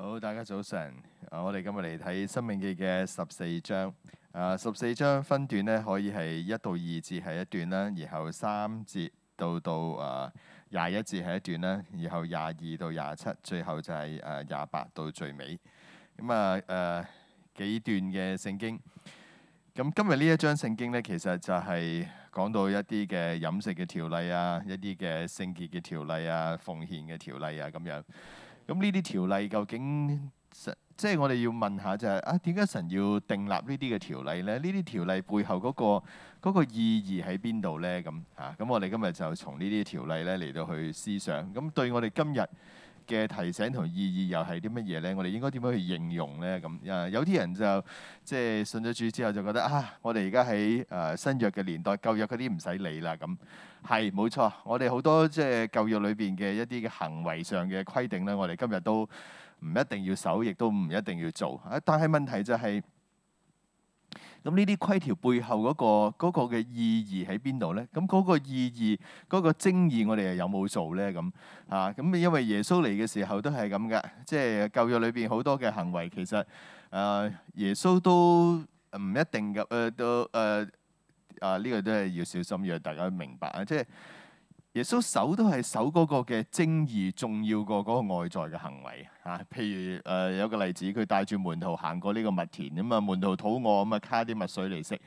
好，大家早晨。我哋今日嚟睇《申命記》嘅十四章。啊、呃，十四章分段咧，可以係一到二節係一段啦，然後三節到到啊廿一節係一段啦，然後廿二,二到廿七，最後就係誒廿八到最尾。咁啊誒幾段嘅聖經。咁今日呢一章聖經咧，其實就係講到一啲嘅飲食嘅條例啊，一啲嘅聖潔嘅條例啊，奉獻嘅條例啊，咁樣。咁呢啲條例究竟神即係我哋要問下就係、係、啊，點解神要定立呢啲嘅條例咧？呢啲條例背後嗰個嗰個意義喺邊度咧？咁嚇，咁我哋今日就從呢啲條例咧嚟到去思想，咁對我哋今日嘅提醒同意義又係啲乜嘢咧？我哋應該點樣去形容咧？咁啊，有啲人就即係、就是、信咗主之後就覺得啊，我哋而家喺誒新約嘅年代，舊約嗰啲唔使理啦。咁係冇錯，我哋好多即係舊約裏邊嘅一啲嘅行為上嘅規定咧，我哋今日都唔一定要守，亦都唔一定要做。啊，但係問題就係、是。咁呢啲規條背後嗰、那個嘅、那個、意義喺邊度咧？咁嗰個意義嗰、那個精義，我哋又有冇做咧？咁啊咁，因為耶穌嚟嘅時候都係咁嘅，即、就、係、是、教育裏邊好多嘅行為，其實誒、呃、耶穌都唔一定嘅誒、呃，都誒、呃、啊呢、這個都係要小心，讓大家明白啊，即、就、係、是。耶穌守都係守嗰個嘅精義，重要過嗰個外在嘅行為啊。譬如誒、呃、有個例子，佢帶住門徒行過呢個麥田咁啊、嗯，門徒肚餓咁、嗯嗯嗯、啊，卡啲麥穗嚟食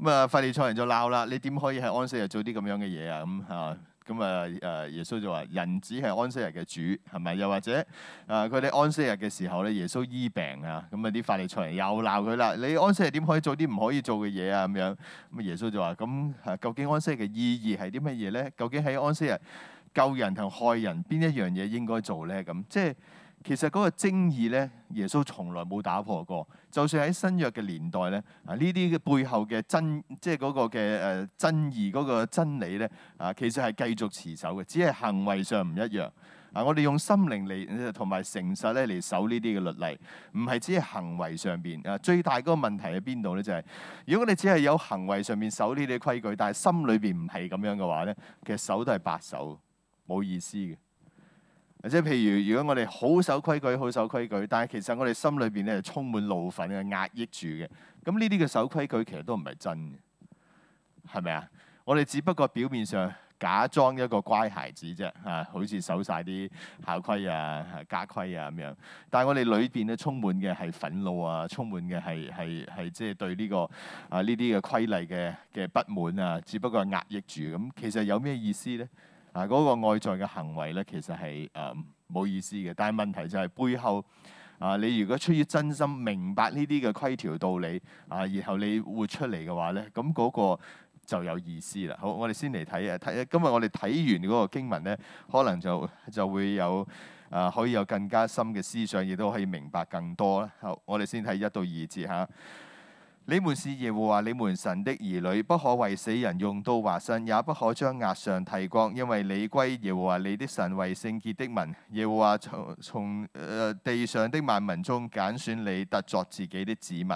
咁啊，法利賽人就鬧啦：你點可以喺安息日做啲咁樣嘅嘢啊？咁啊。咁啊，誒耶穌就話：人子係安息日嘅主，係咪？又或者，誒佢哋安息日嘅時候咧，耶穌醫病啊，咁啊啲法利賽人出嚟又鬧佢啦！你安息日點可以做啲唔可以做嘅嘢啊？咁樣，咁啊耶穌就話：咁究竟安息日嘅意義係啲乜嘢咧？究竟喺安息日救人同害人邊一樣嘢應該做咧？咁即係。其實嗰個爭議咧，耶穌從來冇打破過。就算喺新約嘅年代咧，啊呢啲嘅背後嘅真，即係嗰個嘅誒爭議嗰個真理咧，啊其實係繼續持守嘅，只係行為上唔一樣。啊，我哋用心靈嚟同埋誠實咧嚟守呢啲嘅律例，唔係只係行為上邊。啊，最大嗰個問題喺邊度咧？就係如果你只係有行為上邊守呢啲規矩，但係心裏邊唔係咁樣嘅話咧，其實守都係白守，冇意思嘅。即係譬如，如果我哋好守規矩、好守規矩，但係其實我哋心裏邊咧係充滿怒憤嘅壓抑住嘅。咁呢啲嘅守規矩其實都唔係真嘅，係咪啊？我哋只不過表面上假裝一個乖孩子啫，嚇，好似守晒啲校規啊、家規啊咁樣。但係我哋裏邊咧充滿嘅係憤怒啊，充滿嘅係係係即係對呢個啊呢啲嘅規例嘅嘅不滿啊。只不過壓抑住咁，其實有咩意思咧？啊！嗰個外在嘅行為咧，其實係誒冇意思嘅。但係問題就係背後啊，你如果出於真心明白呢啲嘅規條道理啊，然後你活出嚟嘅話咧，咁嗰個就有意思啦。好，我哋先嚟睇啊，睇今日我哋睇完嗰個經文咧，可能就就會有啊，可以有更加深嘅思想，亦都可以明白更多啦。好，我哋先睇一到二節嚇。你們是耶和華你們神的兒女，不可為死人用刀劃身，也不可將額上剃光。因為你歸耶和華你的神為聖潔的民。耶和華從從誒地上的萬民中揀選你，特作自己的子民。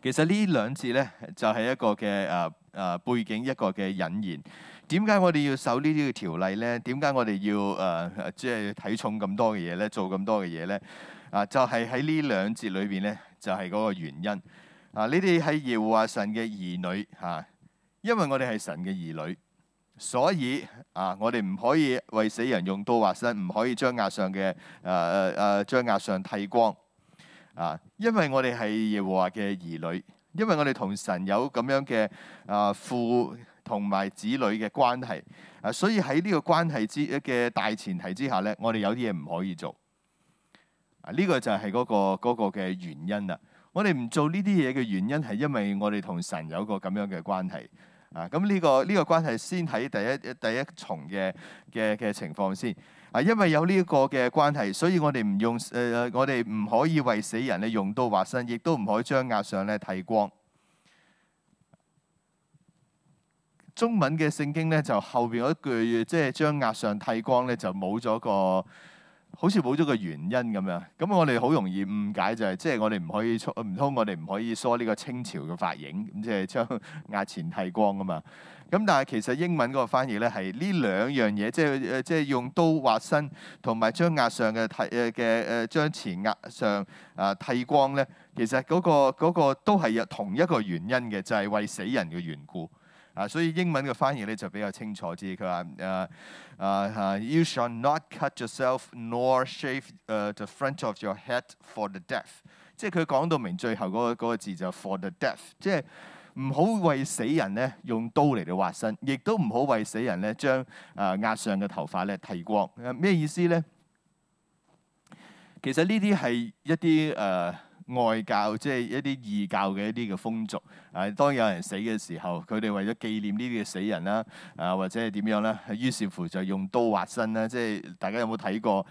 其實兩節呢兩節咧，就係、是、一個嘅誒誒背景，一個嘅引言。點解我哋要守條呢啲嘅條例咧？點解我哋要誒即係睇重咁多嘅嘢咧？做咁多嘅嘢咧？啊，就係、是、喺呢兩節裏邊咧。就係嗰個原因。啊，你哋係耶和華神嘅兒女嚇、啊，因為我哋係神嘅兒女，所以啊，我哋唔可以為死人用刀劃身，唔可以將額上嘅誒誒誒將額上剃光。啊，因為我哋係耶和華嘅兒女，因為我哋同神有咁樣嘅啊父同埋子女嘅關係，啊，所以喺呢個關係之嘅大前提之下咧，我哋有啲嘢唔可以做。啊！呢個就係嗰個嗰個嘅原因啦。我哋唔做呢啲嘢嘅原因係因為我哋同神有一個咁樣嘅關係啊。咁呢個呢個關係先喺第一第一重嘅嘅嘅情況先啊。因為有呢一個嘅關係，所以我哋唔用誒、呃，我哋唔可以為死人咧用刀劃身，亦都唔可以將額上咧剃光。中文嘅聖經咧就後邊嗰句，即係將額上剃光咧就冇咗個。好似冇咗個原因咁樣，咁我哋好容易誤解就係即係我哋唔可以唔通，我哋唔可以梳呢個清朝嘅髮型，咁即係將額前剃光啊嘛。咁但係其實英文嗰個翻譯咧係呢兩樣嘢，即係誒即係用刀劃身，同埋將額上嘅剃誒嘅誒將前額上啊剃光咧，其實嗰個嗰個都係有同一個原因嘅，就係為死人嘅緣故。啊，所以英文嘅翻譯咧就比較清楚啲。佢話：誒誒，you shall not cut yourself nor shave、uh, the front of your head for the death。即係佢講到明最後嗰個嗰個字就係 for the death，即係唔好為死人咧用刀嚟到劃身，亦都唔好為死人咧將誒壓上嘅頭髮咧剃光。咩、呃、意思咧？其實呢啲係一啲誒。Uh, 外教即係一啲異教嘅一啲嘅風俗，啊，當有人死嘅時候，佢哋為咗紀念呢啲嘅死人啦，啊，或者係點樣咧？於是乎就用刀劃身啦。即係大家有冇睇過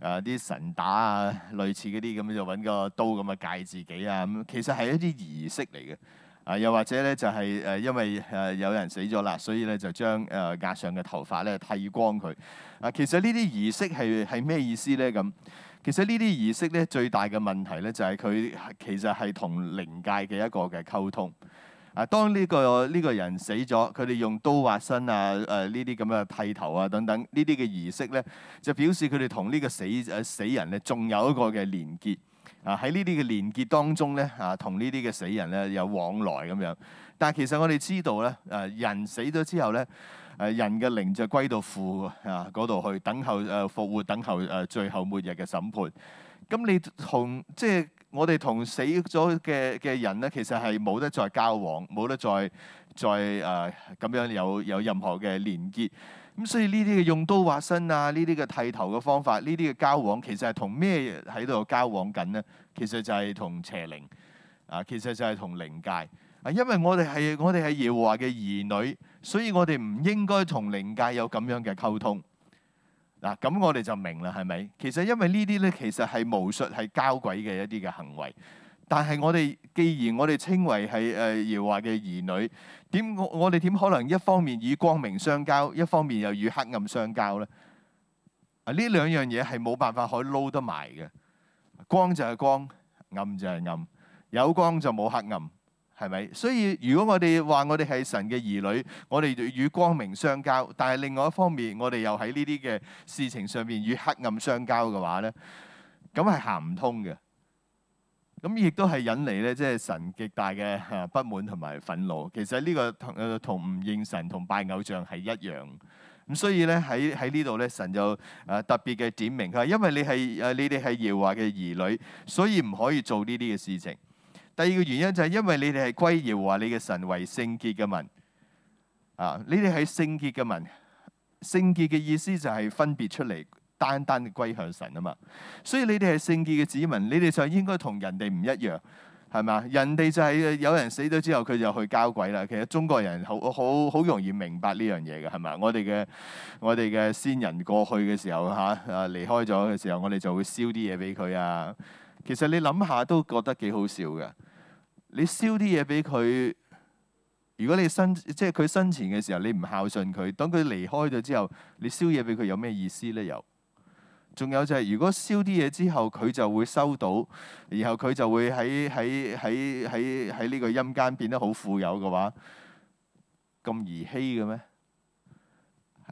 啊，啲神打啊，類似嗰啲咁就搵個刀咁啊，戒自己啊咁。其實係一啲儀式嚟嘅，啊，又或者咧就係誒，因為誒有人死咗啦，所以咧就將誒額上嘅頭髮咧剃光佢。啊，其實呢啲儀式係係咩意思咧？咁？其實呢啲儀式咧，最大嘅問題咧就係佢其實係同靈界嘅一個嘅溝通。啊，當呢個呢個人死咗，佢哋用刀劃身啊、誒呢啲咁嘅剃頭啊等等，呢啲嘅儀式咧，就表示佢哋同呢個死誒、啊、死人咧，仲有一個嘅連結。啊！喺呢啲嘅連結當中咧，啊，同呢啲嘅死人咧有往來咁樣。但係其實我哋知道咧，誒、啊、人死咗之後咧，誒、啊、人嘅靈就歸到父啊嗰度去等候誒、啊、復活，等候誒、啊、最後末日嘅審判。咁你同即係、就是、我哋同死咗嘅嘅人咧，其實係冇得再交往，冇得再再誒、呃、咁樣有有任何嘅連結。咁所以呢啲嘅用刀劃身啊，呢啲嘅剃頭嘅方法，呢啲嘅交往，其實係同咩喺度交往緊咧？其實就係同邪靈，啊，其實就係同靈界。啊，因為我哋係我哋係耶和華嘅兒女，所以我哋唔應該同靈界有咁樣嘅溝通。嗱、啊，咁我哋就明啦，係咪？其實因為呢啲咧，其實係巫術，係交鬼嘅一啲嘅行為。但係我哋既然我哋稱為係誒耶和華嘅兒女，點我，我哋點可能一方面與光明相交，一方面又與黑暗相交咧？啊，呢兩樣嘢係冇辦法可以撈得埋嘅。光就係光，暗就係暗，有光就冇黑暗，係咪？所以如果我哋話我哋係神嘅兒女，我哋就與光明相交，但係另外一方面我哋又喺呢啲嘅事情上面與黑暗相交嘅話咧，咁係行唔通嘅。咁亦都係引嚟咧，即係神極大嘅不滿同埋憤怒。其實呢個同誒同唔認神同拜偶像係一樣。咁所以咧喺喺呢度咧，神就誒特別嘅點明，佢話因為你係誒你哋係耶華嘅兒女，所以唔可以做呢啲嘅事情。第二個原因就係、是、因為你哋係歸耶華你嘅神為聖潔嘅民。啊，你哋係聖潔嘅民，聖潔嘅意思就係分別出嚟。單單嘅歸向神啊嘛，所以你哋係聖潔嘅子民，你哋就應該同人哋唔一樣，係咪啊？人哋就係有人死咗之後，佢就去交鬼啦。其實中國人好好好容易明白呢樣嘢嘅，係咪？我哋嘅我哋嘅先人過去嘅時候嚇啊離開咗嘅時候，我哋就會燒啲嘢俾佢啊。其實你諗下都覺得幾好笑嘅。你燒啲嘢俾佢，如果你生即係佢生前嘅時候，你唔孝順佢，等佢離開咗之後，你燒嘢俾佢有咩意思咧？又？仲有就係、是，如果燒啲嘢之後，佢就會收到，然後佢就會喺喺喺喺喺呢個陰間變得好富有嘅話，咁兒戲嘅咩？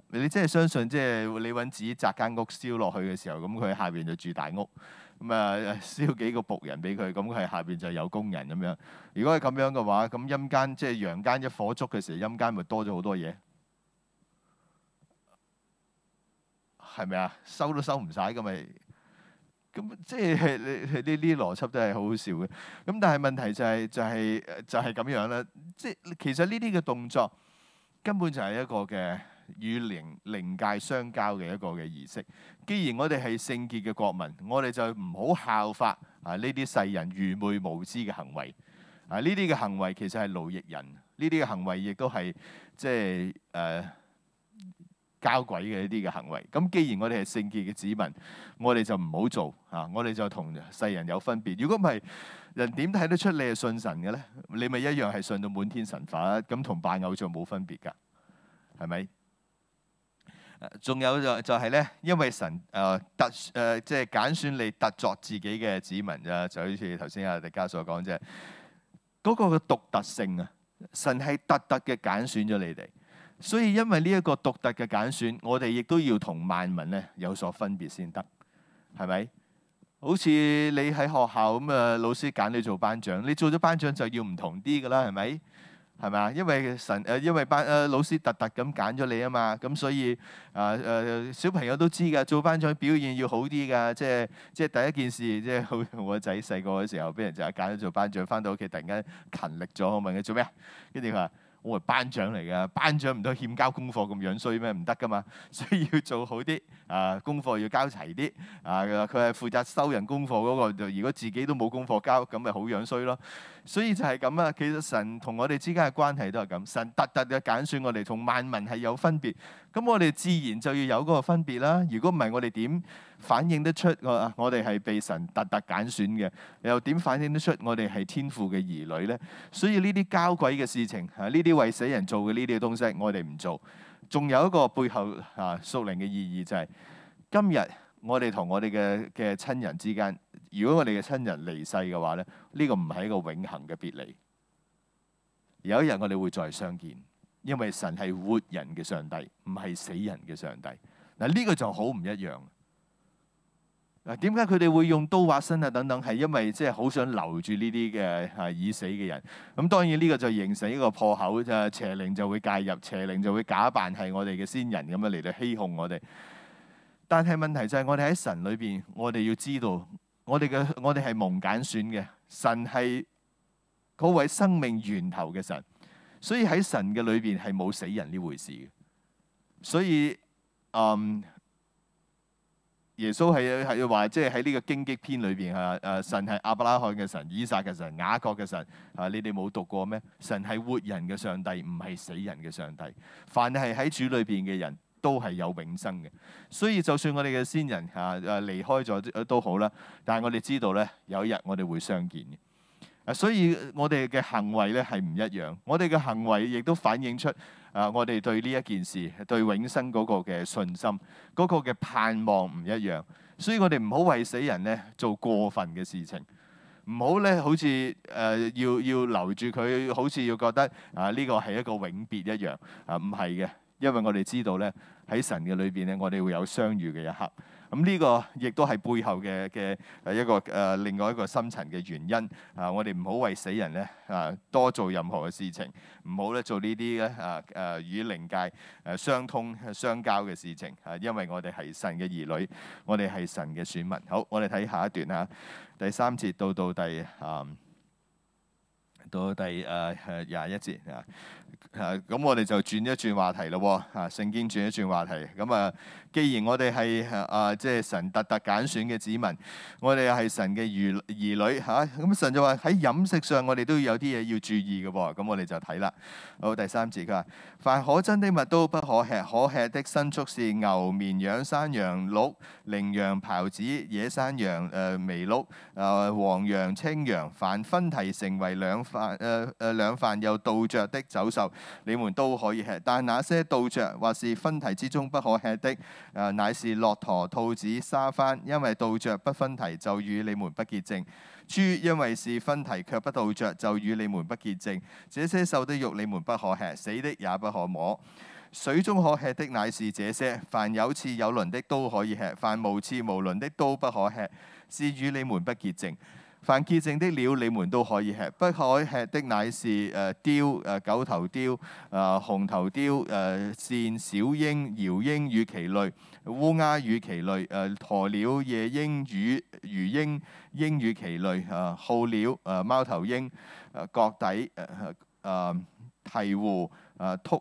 你真係相信，即係你揾紙紮間屋燒落去嘅時候，咁佢下邊就住大屋，咁啊燒幾個僕人俾佢，咁佢下邊就有工人咁樣。如果係咁樣嘅話，咁陰間即係、就是、陽間一火燭嘅時候，陰間咪多咗好多嘢？係咪啊？收都收唔晒。咁咪？咁即係你係呢啲邏輯都係好好笑嘅。咁但係問題就係就係就係咁樣啦。即係其實呢啲嘅動作根本就係一個嘅與靈靈界相交嘅一個嘅儀式。既然我哋係聖潔嘅國民，我哋就唔好效法啊呢啲世人愚昧無知嘅行為。啊呢啲嘅行為其實係奴役人，呢啲嘅行為亦都係即係誒。呃交鬼嘅一啲嘅行為，咁既然我哋係聖潔嘅子民，我哋就唔好做啊！我哋就同世人有分別。如果唔係，人點睇得出你係信神嘅咧？你咪一樣係信到滿天神佛，咁同拜偶像冇分別噶，係咪？仲、啊、有就就係咧，因為神誒、呃、特誒即係揀選你特作自己嘅子民啊！就好似頭先阿迪加所講啫，嗰、嗰個嘅獨特性啊，神係特特嘅揀選咗你哋。所以因為呢一個獨特嘅揀選,選，我哋亦都要同萬民咧有所分別先得，係咪？好似你喺學校咁啊、呃，老師揀你做班長，你做咗班長就要唔同啲噶啦，係咪？係咪啊？因為神誒、呃，因為班誒、呃、老師特特咁揀咗你啊嘛，咁所以啊誒、呃呃、小朋友都知㗎，做班長表現要好啲㗎，即係即係第一件事，即係我仔細個嘅時候俾人就係揀咗做班長，返到屋企突然間勤力咗，我問佢做咩，跟住佢話。我係班長嚟㗎，班長唔都欠交功課咁樣衰咩？唔得㗎嘛，所以要做好啲啊，功課要交齊啲啊。佢係負責收人功課嗰個，就如果自己都冇功課交，咁咪好樣衰咯。所以就係咁啊。其實神同我哋之間嘅關係都係咁，神特特嘅揀選我哋，同萬民係有分別。咁我哋自然就要有嗰個分別啦。如果唔係，我哋點？反映得出我啊，我哋係被神特特揀選嘅，又點反映得出我哋係天父嘅兒女呢？所以呢啲交鬼嘅事情，啊，呢啲為死人做嘅呢啲嘅東西，我哋唔做。仲有一個背後啊，屬靈嘅意義就係，今日我哋同我哋嘅嘅親人之間，如果我哋嘅親人離世嘅話咧，呢個唔係一個永恆嘅別離。有一日我哋會再相見，因為神係活人嘅上帝，唔係死人嘅上帝。嗱，呢個就好唔一樣。嗱，點解佢哋會用刀劃身啊？等等，係因為即係好想留住呢啲嘅啊已死嘅人。咁、嗯、當然呢個就形成一個破口，就邪靈就會介入，邪靈就會假扮係我哋嘅先人咁樣嚟到欺哄我哋。但係問題就係我哋喺神裏邊，我哋要知道，我哋嘅我哋係蒙揀選嘅，神係嗰位生命源頭嘅神，所以喺神嘅裏邊係冇死人呢回事嘅。所以，嗯。耶穌係要話，即係喺呢個荊棘篇裏邊，係話神係阿伯拉罕嘅神、以撒嘅神、雅各嘅神。嚇你哋冇讀過咩？神係活人嘅上帝，唔係死人嘅上帝。凡係喺主裏邊嘅人都係有永生嘅。所以就算我哋嘅先人嚇誒離開咗都好啦，但係我哋知道咧，有一日我哋會相見嘅。啊，所以我哋嘅行為咧係唔一樣，我哋嘅行為亦都反映出。啊！我哋對呢一件事，對永生嗰個嘅信心，嗰個嘅盼望唔一樣，所以我哋唔好為死人咧做過分嘅事情，唔好咧好似誒要要留住佢，好似要覺得啊呢個係一個永別一樣啊，唔係嘅，因為我哋知道咧喺神嘅裏邊咧，我哋會有相遇嘅一刻。咁呢個亦都係背後嘅嘅誒一個誒另外一個深層嘅原因啊！我哋唔好為死人咧啊多做任何嘅事情，唔好咧做呢啲咧啊誒與靈界誒相通相交嘅事情啊！因為我哋係神嘅兒女，我哋係神嘅選民。好，我哋睇下一段啊，第三節到到第誒，嗯到第誒廿一節啊，誒咁我哋就轉一轉話題咯喎，啊聖經轉一轉話題，咁啊既然我哋係啊即係、就是、神特特揀選嘅子民，我哋係神嘅兒兒女嚇，咁、啊啊、神就話喺飲食上我哋都要有啲嘢要注意嘅喎，咁、啊、我哋就睇啦。好，第三節，佢話：凡可憎的物都不可吃，可吃的牲畜是牛、綿羊、山羊、鹿、羚羊、豹子、野山羊、誒、呃、麋鹿、誒、呃、黃羊、青羊。凡分蹄成為兩塊誒誒、呃、兩瓣又倒嚼的走獸，你們都可以吃。但那些倒嚼或是分蹄之中不可吃的，誒乃是駱駝、兔子、沙番，因為倒嚼不分蹄，就與你們不潔淨。豬因為是分蹄卻不倒嚼，就與你們不潔淨。這些獸的肉你們不可吃，死的也不可摸。水中可吃的乃是這些，凡有翅有鱗的都可以吃，凡無翅無鱗的都不可吃，是與你們不潔淨。凡潔淨的鳥，你們都可以吃；不可吃的乃是誒雕、誒、呃、九頭雕、啊、呃、紅頭雕、誒、呃、鸇、小鷹、鷂鷹與其類、烏鴉與其類、誒鴕鳥、夜鷹、魚鷹、鷹與其類、啊鴞鳥、啊貓頭鷹、啊角鴟、誒啊鵜鶘、啊禿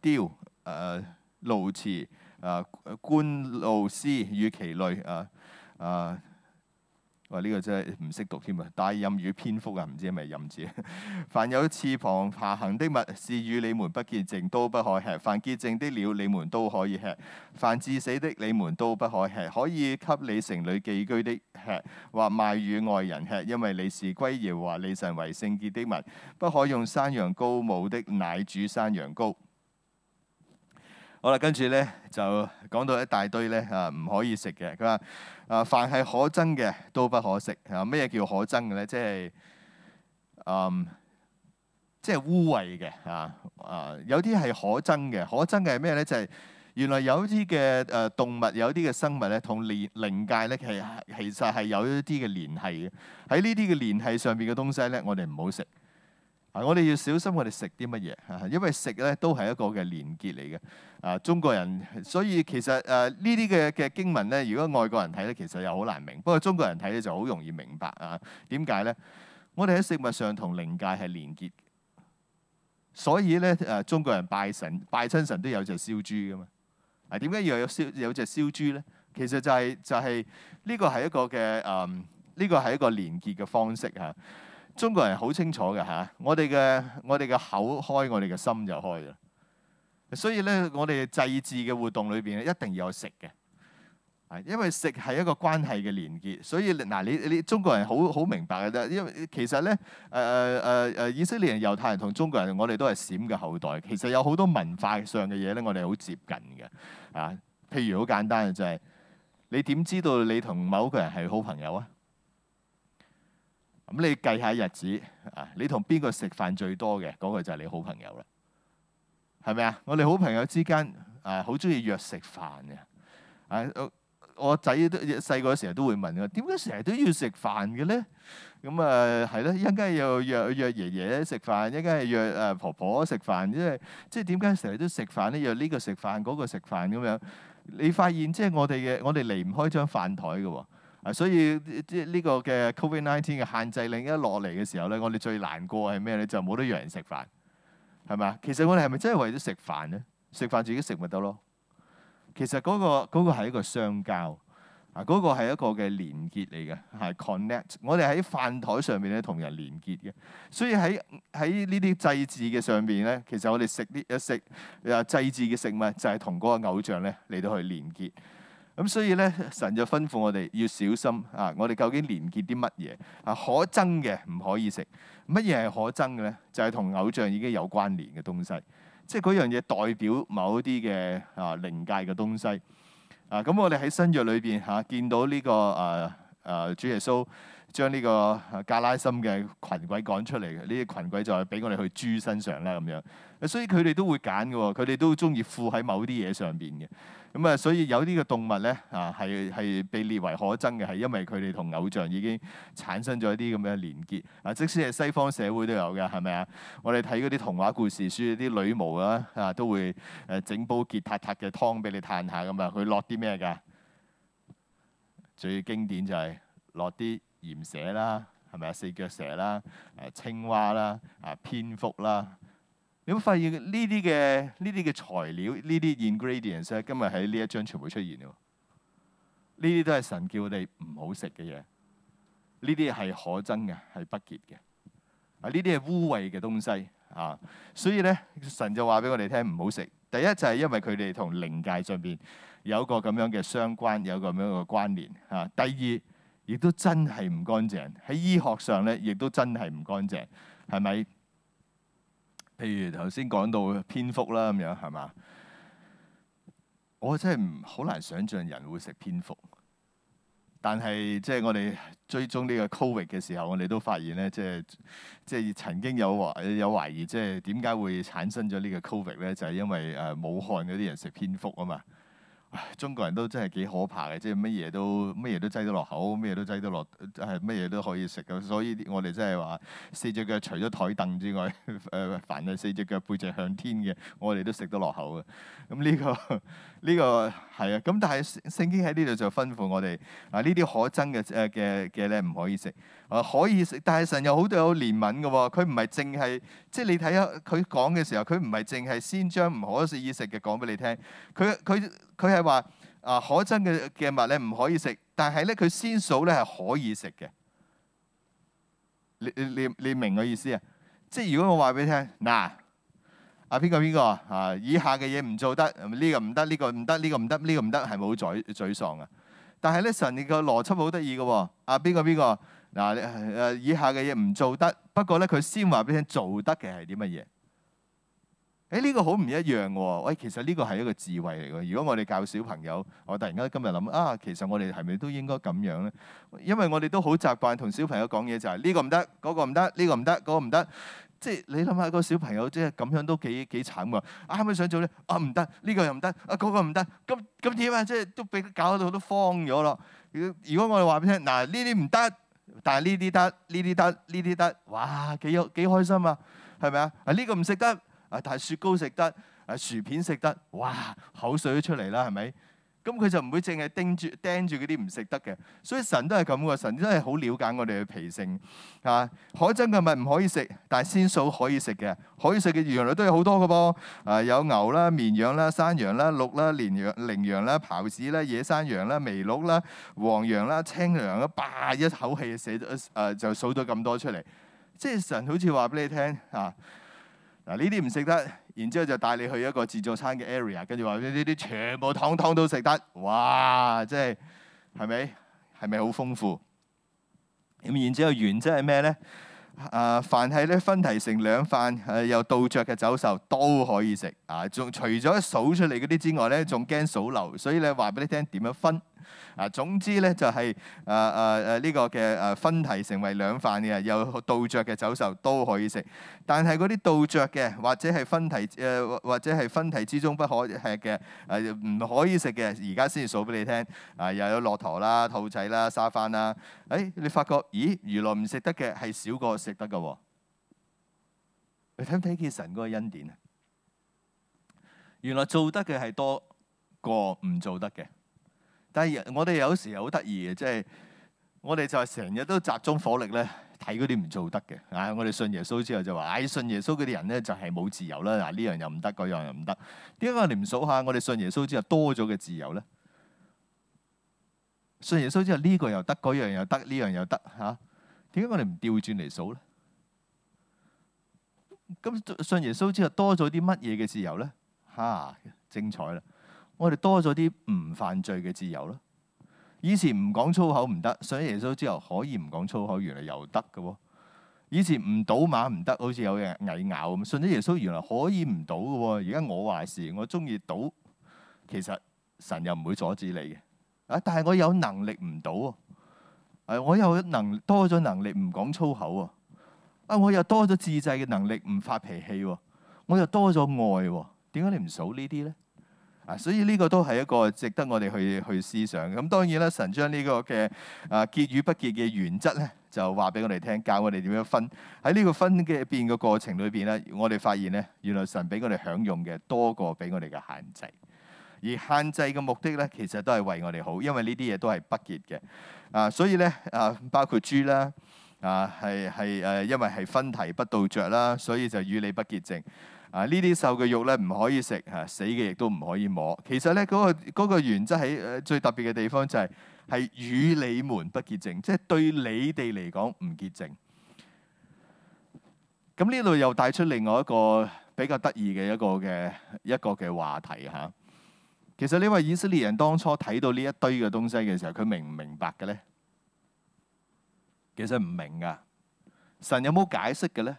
雕、誒鸕鷀、啊鸛、鷺鷥與其類、啊、呃、啊。話呢個真係唔識讀添啊！大鴿與蝙蝠啊，唔知係咪鴿字。 凡有翅膀爬行的物，是與你們不潔淨，都不可吃；凡潔淨的鳥，你們都可以吃；凡致死的，你們都不可吃。可以給你城裏寄居的吃，或賣與外人吃，因為你是歸耶和華你神為聖潔的物，不可用山羊羔母的奶煮山羊羔。好啦，跟住咧就講到一大堆咧啊，唔可以食嘅。佢話。啊，凡係可憎嘅都不可食。嚇、啊，咩叫可憎嘅咧？即係，嗯，即係污穢嘅。啊啊，有啲係可憎嘅。可憎嘅係咩咧？就係、係、原來有啲嘅誒動物，有啲嘅生物咧，同靈靈界咧，其實其實係有一啲嘅聯繫嘅。喺呢啲嘅聯繫上面嘅東西咧，我哋唔好食。我哋要小心，我哋食啲乜嘢嚇？因為食咧都係一個嘅連結嚟嘅。啊，中國人，所以其實誒呢啲嘅嘅經文咧，如果外國人睇咧，其實又好難明。不過中國人睇咧就好容易明白啊。點解咧？我哋喺食物上同靈界係連結，所以咧誒、啊，中國人拜神拜親神都有隻燒豬㗎嘛。啊，點解要有燒有隻燒豬咧？其實就係、是、就係、是、呢個係一個嘅誒，呢個係一個連結嘅方式嚇。啊中國人好清楚嘅嚇，我哋嘅我哋嘅口開，我哋嘅心就開啦。所以咧，我哋祭祀嘅活動裏邊咧，一定要有食嘅。啊，因為食係一個關係嘅連結，所以嗱，你你中國人好好明白嘅，因為其實咧，誒誒誒誒，以色列人、猶太人同中國人，我哋都係閃嘅後代。其實有好多文化上嘅嘢咧，我哋好接近嘅。啊，譬如好簡單嘅就係，你點知道你同某個人係好朋友啊？咁你計下日子啊，你同邊個食飯最多嘅，嗰個就係你好朋友啦，係咪啊？我哋好朋友之間啊，好中意約食飯嘅。啊、呃，我仔都細個時候都會問我，點解成日都要食飯嘅咧？咁、嗯、啊，係、嗯、咯，一間又約約爺爺食飯，一間又約誒婆婆食飯，因為即係點解成日都食飯咧？約呢個食飯，嗰個食飯咁樣，你發現即係我哋嘅，我哋離唔開張飯台嘅喎。啊，所以即呢個嘅 Covid Nineteen 嘅限制令一落嚟嘅時候咧，我哋最難過係咩咧？就冇得約人食飯，係咪啊？其實我哋係咪真係為咗食飯咧？食飯自己食咪得咯？其實嗰個嗰個係一個相交，啊，嗰個係一個嘅連結嚟嘅，係 connect。我哋喺飯台上面咧同人連結嘅，所以喺喺呢啲祭祀嘅上邊咧，其實我哋食啲誒食誒祭祀嘅食物就係同嗰個偶像咧嚟到去連結。咁所以咧，神就吩咐我哋要小心啊！我哋究竟連結啲乜嘢啊？可憎嘅唔可以食。乜嘢係可憎嘅咧？就係、是、同偶像已經有關連嘅東西，即係嗰樣嘢代表某一啲嘅啊靈界嘅東西啊！咁我哋喺新約裏邊嚇見到呢、這個誒誒、啊啊、主耶穌將呢個加拉森嘅群鬼趕出嚟嘅，呢啲群鬼就係俾我哋去豬身上啦咁樣。所以佢哋都會揀嘅喎，佢哋都中意附喺某啲嘢上邊嘅咁啊。所以有啲嘅動物咧啊，係係被列為可憎嘅，係因為佢哋同偶像已經產生咗一啲咁嘅連結啊。即使係西方社會都有嘅，係咪啊？我哋睇嗰啲童話故事書，啲女巫啊啊都會誒整煲結撻撻嘅湯俾你嘆下咁啊。佢落啲咩㗎？最經典就係落啲鹽蛇啦，係咪啊？四腳蛇啦，誒青蛙啦，啊蝙蝠啦。你會發現呢啲嘅呢啲嘅材料呢啲 ingredients 咧，今日喺呢一章全部出現咯。呢啲都係神叫我哋唔好食嘅嘢。呢啲係可憎嘅，係不潔嘅。啊，呢啲係污穢嘅東西啊。所以咧，神就話俾我哋聽唔好食。第一就係因為佢哋同靈界上邊有一個咁樣嘅相關，有一個咁樣嘅關聯啊。第二亦都真係唔乾淨，喺醫學上咧亦都真係唔乾淨，係咪？譬如頭先講到蝙蝠啦，咁樣係嘛，我真係唔好難想象人會食蝙蝠。但係即係我哋追蹤呢個 Covid 嘅時候，我哋都發現咧，即係即係曾經有有懷疑，即係點解會產生咗呢個 Covid 咧？就係、是、因為誒、呃、武漢嗰啲人食蝙蝠啊嘛。中國人都真係幾可怕嘅，即係乜嘢都乜嘢都擠得落口，乜嘢都擠得落，係乜嘢都可以食嘅。所以我哋真係話四隻腳除咗枱凳之外，誒 凡係四隻腳背脊向天嘅，我哋都食得落口嘅。咁呢個。 呢、這個係啊，咁但係聖經喺呢度就吩咐我哋，嗱呢啲可憎嘅嘅嘅咧唔可以食，啊可以食，但係神又好有憐憫嘅喎，佢唔係淨係即係你睇下佢講嘅時候，佢唔係淨係先將唔可，可，可以食嘅講俾你聽，佢佢佢係話啊可憎嘅嘅物咧唔可以食，但係咧佢先數咧係可以食嘅，你你你明我意思啊？即係如果我話俾你聽嗱。啊，邊個邊個啊？以下嘅嘢唔做得，呢、這個唔得，呢、這個唔得，呢、這個唔得，呢、這個唔得，係冇嘴嘴喪嘅。但係咧，神你個邏輯好得意嘅喎。啊，邊個邊個？嗱，誒、啊、以下嘅嘢唔做得。不過咧，佢先話俾你聽，做得嘅係啲乜嘢？誒、欸，呢、這個好唔一樣喎。喂，其實呢個係一個智慧嚟嘅。如果我哋教小朋友，我突然間今日諗啊，其實我哋係咪都應該咁樣咧？因為我哋都好習慣同小朋友講嘢就係、是、呢個唔得，嗰、那個唔得，呢、這個唔得，嗰、那個唔得。那個即係你諗下個小朋友即係咁樣都幾幾慘㗎，啱啱想做咧，啊唔得，呢個又唔得，啊嗰個唔得，咁咁點啊？即係都俾佢搞到都慌咗咯。如果我哋話俾你聽，嗱呢啲唔得，但係呢啲得，呢啲得，呢啲得，哇幾有幾開心啊？係咪啊？啊呢個唔食得，啊但係雪糕食得，啊薯片食得，哇口水都出嚟啦，係咪？咁佢就唔會淨係盯住盯住嗰啲唔食得嘅，所以神都係咁喎，神真係好了解我哋嘅脾性嚇。海珍嘅咪唔可以食，但係鮮素可以食嘅，可以食嘅魚肉都有好多嘅噃。啊，有牛啦、綿羊啦、山羊啦、鹿啦、綿羊、羚羊啦、狍子啦、野山羊啦、麋鹿啦、黃羊啦、青羊啦，霸一口氣寫咗誒、啊、就數咗咁多出嚟，即係神好似話俾你聽嚇。嗱呢啲唔食得。然之後就帶你去一個自助餐嘅 area，跟住話俾你呢啲全部湯湯都食得，哇！即係係咪係咪好豐富？咁然之後原則係咩咧？啊，凡係咧分蹄成兩瓣，誒又倒嚼嘅走獸都可以食。啊，仲除咗數出嚟嗰啲之外咧，仲驚數漏。所以咧話俾你聽點樣分。嗱，總之咧就係誒誒誒呢個嘅誒分蹄成為兩瓣嘅，又倒嚼嘅走獸都可以食。但係嗰啲倒嚼嘅，或者係分蹄誒、呃，或者係分蹄之中不可吃嘅誒，唔可以食嘅。而家先數俾你聽，啊又有駱駝啦、兔仔啦、沙番啦。誒、哎，你發覺咦？原來唔食得嘅係少過食得嘅喎。你睇唔睇見神嗰個恩典啊？原來做得嘅係多過唔做得嘅。但係我哋有時又好得意嘅，即係我哋就係成日都集中火力咧睇嗰啲唔做得嘅。啊，我哋信耶穌之後就話：「唉，信耶穌嗰啲人咧就係冇自由啦。」嗱，呢樣又唔得，嗰樣又唔得。點解我哋唔數下？我哋信耶穌之後多咗嘅自由咧？信耶穌之後呢個又得，嗰樣又得，呢樣又得嚇？點解我哋唔調轉嚟數咧？咁信耶穌之後多咗啲乜嘢嘅自由咧？嚇，精彩啦！我哋多咗啲唔犯罪嘅自由咯。以前唔講粗口唔得，信咗耶穌之後可以唔講粗口，原來又得嘅，哦。以前唔賭馬唔得，好似有嘢蟻咬咁，信咗耶穌原來可以唔賭嘅。而家我話事，我中意賭，其實神又唔會阻止你嘅。啊，但係我有能力唔賭，誒，我有能多咗能力唔講粗口，哦，啊，我又多咗自制嘅能力，唔發脾氣，哦，我又多咗愛、哦。點解你唔數呢啲咧？啊，所以呢個都係一個值得我哋去去思想嘅。咁當然啦，神將呢個嘅啊潔與不潔嘅原則咧，就話俾我哋聽，教我哋點樣分。喺呢個分嘅變嘅過程裏邊咧，我哋發現咧，原來神俾我哋享用嘅多過俾我哋嘅限制。而限制嘅目的咧，其實都係為我哋好，因為呢啲嘢都係不潔嘅。啊，所以咧啊，包括豬啦，啊係係誒，因為係分蹄不倒嚼啦，所以就與你不潔淨。啊！呢啲瘦嘅肉咧唔可以食，嚇、啊、死嘅亦都唔可以摸。其實咧嗰、嗰個嗰個原則喺、呃、最特別嘅地方就係、係、係與你們不潔淨，即係對你哋嚟講唔潔淨。咁呢度又帶出另外一個比較得意嘅一個嘅一個嘅話題嚇、啊。其實呢位以色列人當初睇到呢一堆嘅東西嘅時候，佢明唔明白嘅咧？其實唔明噶。神有冇解釋嘅咧？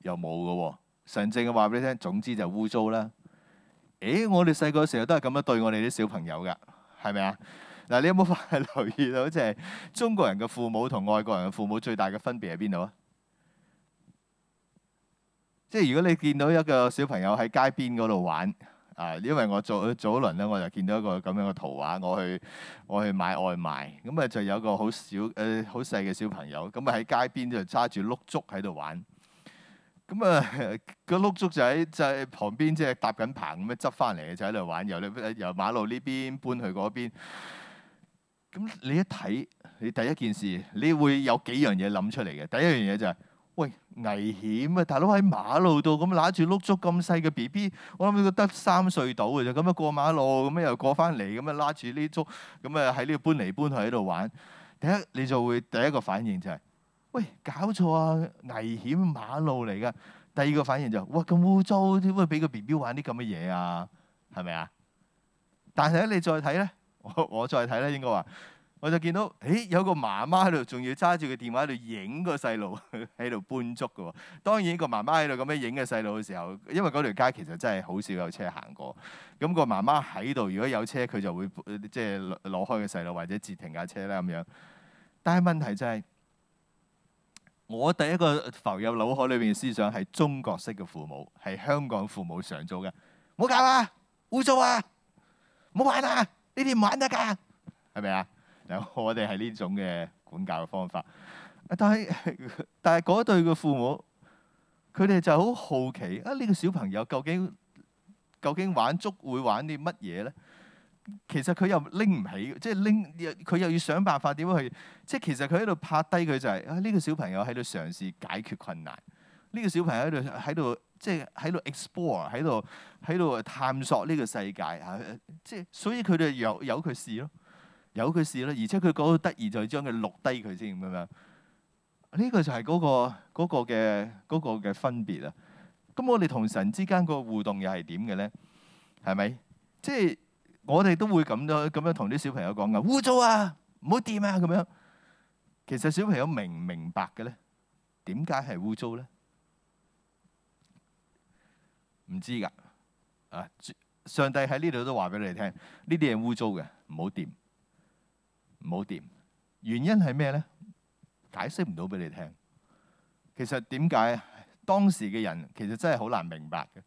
又冇噶喎。純正嘅話俾你聽，總之就污糟啦。誒，我哋細個時候都係咁樣對我哋啲小朋友噶，係咪啊？嗱，你有冇發覺留意到，即係中國人嘅父母同外國人嘅父母最大嘅分別喺邊度啊？即係如果你見到一個小朋友喺街邊嗰度玩啊，因為我做早，早一輪咧，我就見到一個咁樣嘅圖畫，我去我去買外賣，咁啊就有個好小誒好細嘅小朋友，咁啊喺街邊就揸住碌竹喺度玩。咁啊，個碌竹仔就係旁邊，即係搭緊棚咁樣執翻嚟嘅，就喺度玩，由你，由馬路呢邊搬去嗰邊。咁你一睇，你第一件事，你會有幾樣嘢諗出嚟嘅。第一樣嘢就係，喂，危險啊！大佬喺馬路度咁樣揦住碌竹咁細嘅 B B，我諗佢得三歲到嘅啫。咁啊過馬路，咁啊又過翻嚟，咁啊拉住呢竹，咁啊喺呢度搬嚟搬去喺度玩。第一，你就會第一個反應就係。喂，搞錯啊！危險馬路嚟噶。第二個反應就：哇，咁污糟點會俾個 B B 玩啲咁嘅嘢啊？係咪啊？但係咧，你再睇咧，我我再睇咧，應該話，我就見到，誒，有個媽媽喺度，仲要揸住個電話喺度影個細路喺度搬足嘅喎。當然個媽媽喺度咁樣影個細路嘅時候，因為嗰條街其實真係好少有車行過。咁個媽媽喺度，如果有車，佢就會即係攞開個細路，或者截停架車啦咁樣。但係問題就係。我第一個浮入腦海裏邊嘅思想係中國式嘅父母，係香港父母常做嘅，冇搞啊，污糟啊，冇玩啊，呢啲唔玩得㗎，係咪啊？我哋係呢種嘅管教嘅方法，但係但係嗰對嘅父母，佢哋就好好奇啊！呢個小朋友究竟究竟玩足會玩啲乜嘢咧？其實佢又拎唔起，即係拎佢又要想辦法點樣去。即係其實佢喺度拍低佢就係、是、啊，呢、這個小朋友喺度嘗試解決困難，呢、這個小朋友喺度喺度即係喺度 explore，喺度喺度探索呢個世界啊。即係所以佢哋有有佢試咯，有佢試咯，而且佢覺得得意就係將佢錄低佢先，咁樣樣呢、這個就係嗰、那個嗰、那個嘅嗰、那個嘅分別啦。咁我哋同神之間個互動又係點嘅咧？係咪即係？我哋都會咁樣咁樣同啲小朋友講噶，污糟啊，唔好掂啊，咁樣。其實小朋友明唔明白嘅咧？點解係污糟咧？唔知㗎。啊，上帝喺呢度都話俾你聽，呢啲係污糟嘅，唔好掂，唔好掂。原因係咩咧？解釋唔到俾你聽。其實點解當時嘅人其實真係好難明白嘅。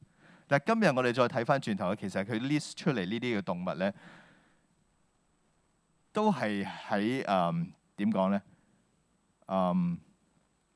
嗱，但今日我哋再睇翻轉頭，其實佢 list 出嚟呢啲嘅動物咧，都係喺嗯點講咧？嗯、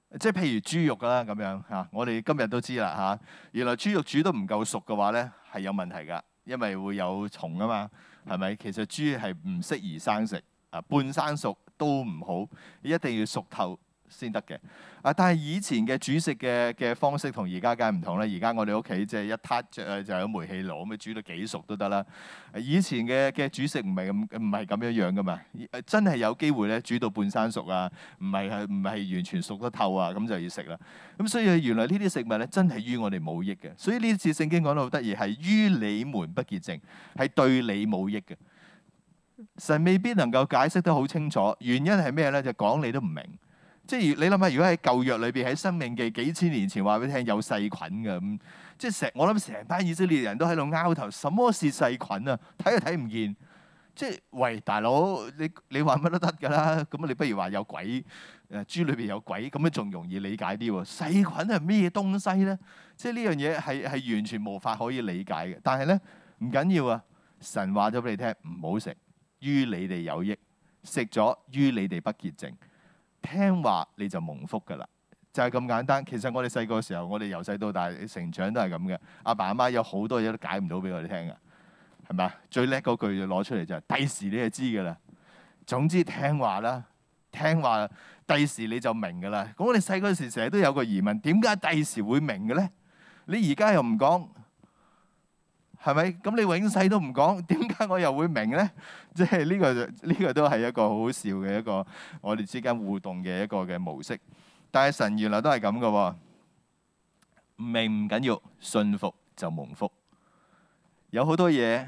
呃，即係、呃就是、譬如豬肉啦咁樣嚇、啊，我哋今日都知啦嚇、啊。原來豬肉煮都唔夠熟嘅話咧，係有問題㗎，因為會有蟲啊嘛，係咪？其實豬係唔適宜生食啊，半生熟都唔好，一定要熟透。先得嘅啊！但係以前嘅煮食嘅嘅方式同而家梗係唔同啦。而家我哋屋企即係一撻着就有煤氣爐，咁煮到幾熟都得啦。以前嘅嘅煮食唔係咁，唔係咁樣樣噶嘛。真係有機會咧煮到半生熟啊，唔係係唔係完全熟得透啊，咁就要食啦。咁所以原來呢啲食物咧真係於我哋冇益嘅。所以呢次聖經講得好得意，係於你們不潔淨，係對你冇益嘅。神未必能夠解釋得好清楚，原因係咩咧？就講你都唔明。即係你諗下，如果喺舊約裏邊喺《申命記》幾千年前話俾你聽有細菌㗎咁，即係成我諗成班以色列人都喺度拗頭，什麼是細菌啊？睇又睇唔見，即係喂大佬，你你話乜都得㗎啦。咁你不如話有鬼誒豬裏邊有鬼，咁樣仲容易理解啲喎。細菌係咩東西咧？即係呢樣嘢係係完全無法可以理解嘅。但呢係咧唔緊要啊，神話咗俾你聽，唔好食，於你哋有益，食咗於你哋不潔淨。聽話你就蒙福㗎啦，就係咁簡單。其實我哋細個嘅時候，我哋由細到大成長都係咁嘅。阿爸阿媽有好多嘢都解唔到俾我哋聽嘅，係咪啊？最叻嗰句就攞出嚟就係：第時你就知㗎啦。總之聽話啦，聽話啦。第時你就明㗎啦。咁我哋細個時成日都有個疑問：點解第時會明嘅咧？你而家又唔講？係咪咁？是是你永世都唔講，點解我又會明呢？即係呢個，呢、呢個都係一個好好笑嘅一個我哋之間互動嘅一個嘅模式。但係神原來都係咁噶，明唔緊要緊，信服就蒙福。有好多嘢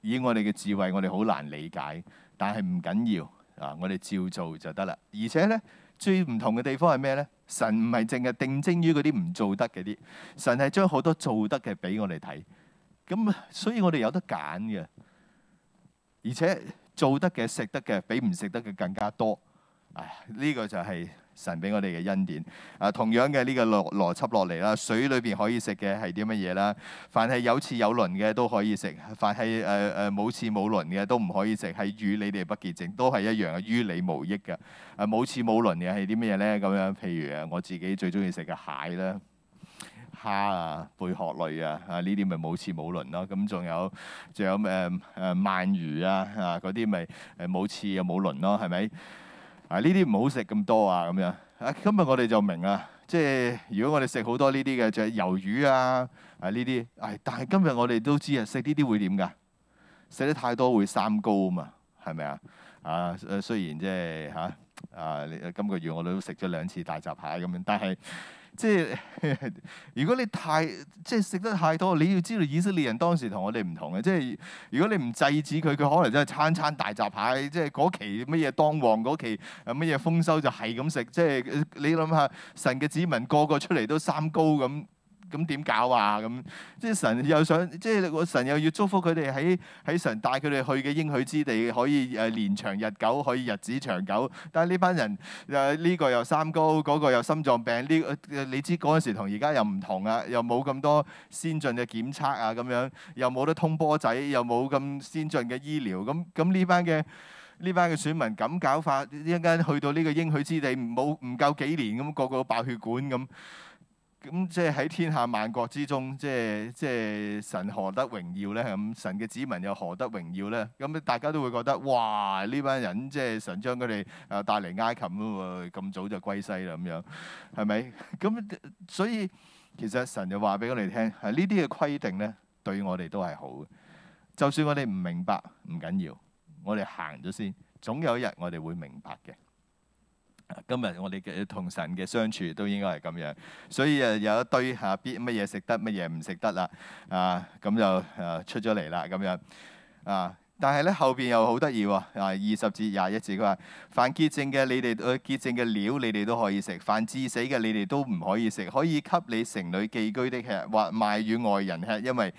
以我哋嘅智慧，我哋好難理解，但係唔緊要啊！我哋照做就得啦。而且呢，最唔同嘅地方係咩呢？神唔係淨係定睛於嗰啲唔做得嗰啲，神係將好多做得嘅俾我哋睇。咁所以我哋有得揀嘅，而且做得嘅食得嘅比唔食得嘅更加多。唉，呢個就係神俾我哋嘅恩典。啊，同樣嘅呢個邏邏輯落嚟啦，水裏邊可以食嘅係啲乜嘢啦？凡係有翅有鱗嘅都可以食，凡係誒誒冇翅冇鱗嘅都唔可以食。係與你哋不潔淨，都係一樣嘅，於你無益嘅。啊，冇翅冇鱗嘅係啲乜嘢咧？咁樣譬如誒，我自己最中意食嘅蟹啦。蝦啊、貝殼類啊，啊呢啲咪冇刺冇鱗咯。咁仲有仲有咩？誒、呃、鰻魚啊，啊嗰啲咪誒冇刺又冇鱗咯，係咪？啊呢啲唔好食咁多啊，咁樣。啊今日我哋就明啊，即係如果我哋食好多呢啲嘅，就係魷魚啊啊呢啲。唉、哎，但係今日我哋都知啊，食呢啲會點㗎？食得太多會三高啊嘛，係咪啊？啊誒雖然即係嚇啊，今個月我都食咗兩次大閘蟹咁樣，但係。即係如果你太即係食得太多，你要知道以色列人當時同我哋唔同嘅。即係如果你唔制止佢，佢可能真係餐餐大閘蟹。即係嗰期乜嘢當王，嗰期乜嘢豐收就係咁食。即係你諗下，神嘅子民個個出嚟都三高咁。咁點搞啊？咁即係神又想，即係神又要祝福佢哋喺喺神帶佢哋去嘅應許之地，可以誒年長日久，可以日子長久。但係呢班人誒呢個又三高，嗰個又心臟病。呢你知嗰陣時同而家又唔同啊，又冇咁多先進嘅檢測啊，咁樣又冇得通波仔，又冇咁先進嘅醫療。咁咁呢班嘅呢班嘅選民咁搞法，一陣間去到呢個應許之地，冇唔夠幾年咁，個個爆血管咁。咁即係喺天下萬國之中，即係即係神何得榮耀咧？咁神嘅子民又何得榮耀咧？咁大家都會覺得哇！呢班人即係神將佢哋啊帶嚟埃及咁早就歸西啦咁樣，係咪？咁所以其實神就話俾我哋聽，係呢啲嘅規定咧，對我哋都係好嘅。就算我哋唔明白，唔緊要，我哋行咗先，總有一日我哋會明白嘅。今日我哋嘅同神嘅相處都應該係咁樣，所以誒有一堆下邊乜嘢食得，乜嘢唔食得啦，啊咁就誒出咗嚟啦咁樣，啊但係咧後邊又好得意喎，啊二十至廿一字佢話凡潔淨嘅你哋嘅潔淨嘅料你哋都可以食，凡致死嘅你哋都唔可以食，可以給你城裏寄居的吃或賣與外人吃，因為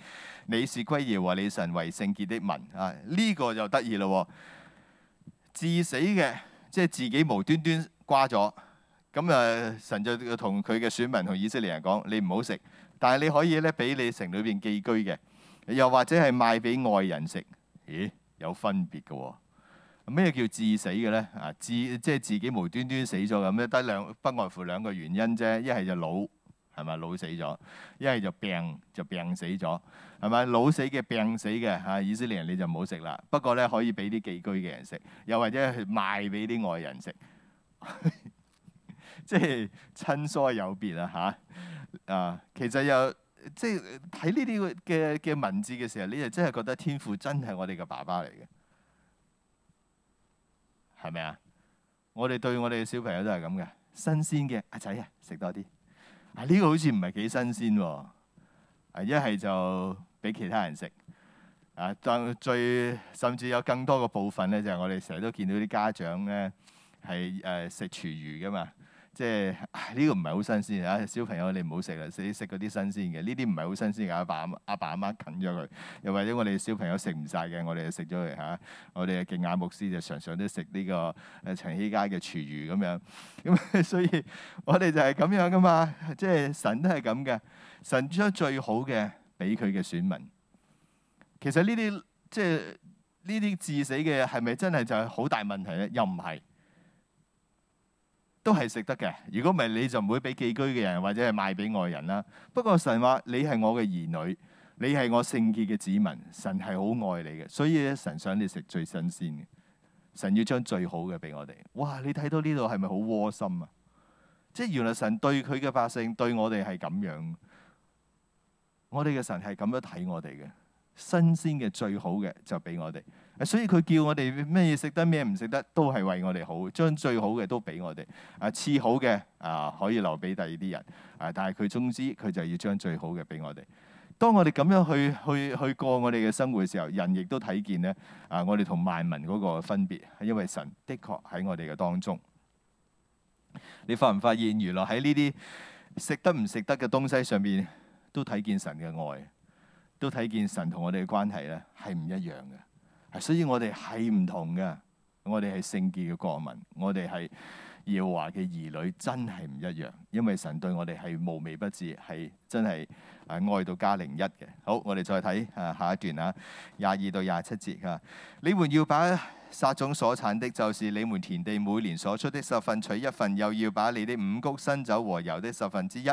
你是歸耶和你神為聖潔的民啊，呢個就得意咯喎，致死嘅即係自己無端端瓜咗咁啊！神就同佢嘅選民同以色列人講：你唔好食，但係你可以咧俾你城裏邊寄居嘅，又或者係賣俾外人食。咦？有分別嘅咩？哦、叫自死嘅咧？啊，自即係自己無端端死咗咁咧，得兩不外乎兩個原因啫。一係就老係咪老死咗；一係就病就病死咗係咪老死嘅、病死嘅啊，以色列人你就唔好食啦。不過咧可以俾啲寄居嘅人食，又或者係賣俾啲外人食。 即係親疏有別啊吓，啊，其實又即係睇呢啲嘅嘅文字嘅時候，你就真係覺得天父真係我哋嘅爸爸嚟嘅，係咪啊？我哋對我哋嘅小朋友都係咁嘅，新鮮嘅阿仔啊，食多啲啊呢，這個好似唔係幾新鮮喎啊，一係，啊、就俾其他人食啊，當最甚至有更多嘅部分咧，就係、是、我哋成日都見到啲家長咧。係誒食廚餘嘅嘛，即係呢、這個唔係好新鮮嚇、啊。小朋友你唔好食啦，食食嗰啲新鮮嘅。呢啲唔係好新鮮，阿、啊、爸阿爸阿媽啃咗佢，又或者我哋小朋友食唔晒嘅，我哋就食咗佢嚇。我哋嘅敬雅牧師就常常都食呢、這個、呃、陳希佳嘅廚餘咁樣。咁、嗯嗯、所以我哋就係咁樣噶嘛，即係神都係咁嘅。神將最好嘅俾佢嘅選民。其實呢啲即係呢啲致死嘅係咪真係就係好大問題咧？又唔係。都係食得嘅，如果唔係你就唔會俾寄居嘅人或者係賣俾外人啦。不過神話你係我嘅兒女，你係我聖潔嘅子民，神係好愛你嘅，所以神想你食最新鮮嘅，神要將最好嘅俾我哋。哇！你睇到呢度係咪好窩心啊？即係原來神對佢嘅百姓，對我哋係咁樣，我哋嘅神係咁樣睇我哋嘅，新鮮嘅最好嘅就俾我哋。所以佢叫我哋咩嘢？食得咩唔食得，都係為我哋好，將最好嘅都俾我哋啊，次好嘅啊，可以留俾第二啲人啊。但係佢總之佢就要將最好嘅俾我哋。當我哋咁樣去去去過我哋嘅生活嘅時候，人亦都睇見咧啊，我哋同萬民嗰個分別係因為神的確喺我哋嘅當中。你發唔發現？原來喺呢啲食得唔食得嘅東西上面，都睇見神嘅愛，都睇見神同我哋嘅關係咧，係唔一樣嘅。所以我哋係唔同嘅，我哋係聖潔嘅國民，我哋係耀華嘅兒女，真係唔一樣。因為神對我哋係無微不至，係真係啊愛到加零一嘅。好，我哋再睇下一段啊廿二到廿七節啊，你們要把撒種所產的，就是你們田地每年所出的十份取一份，又要把你的五穀新酒和油的十分之一，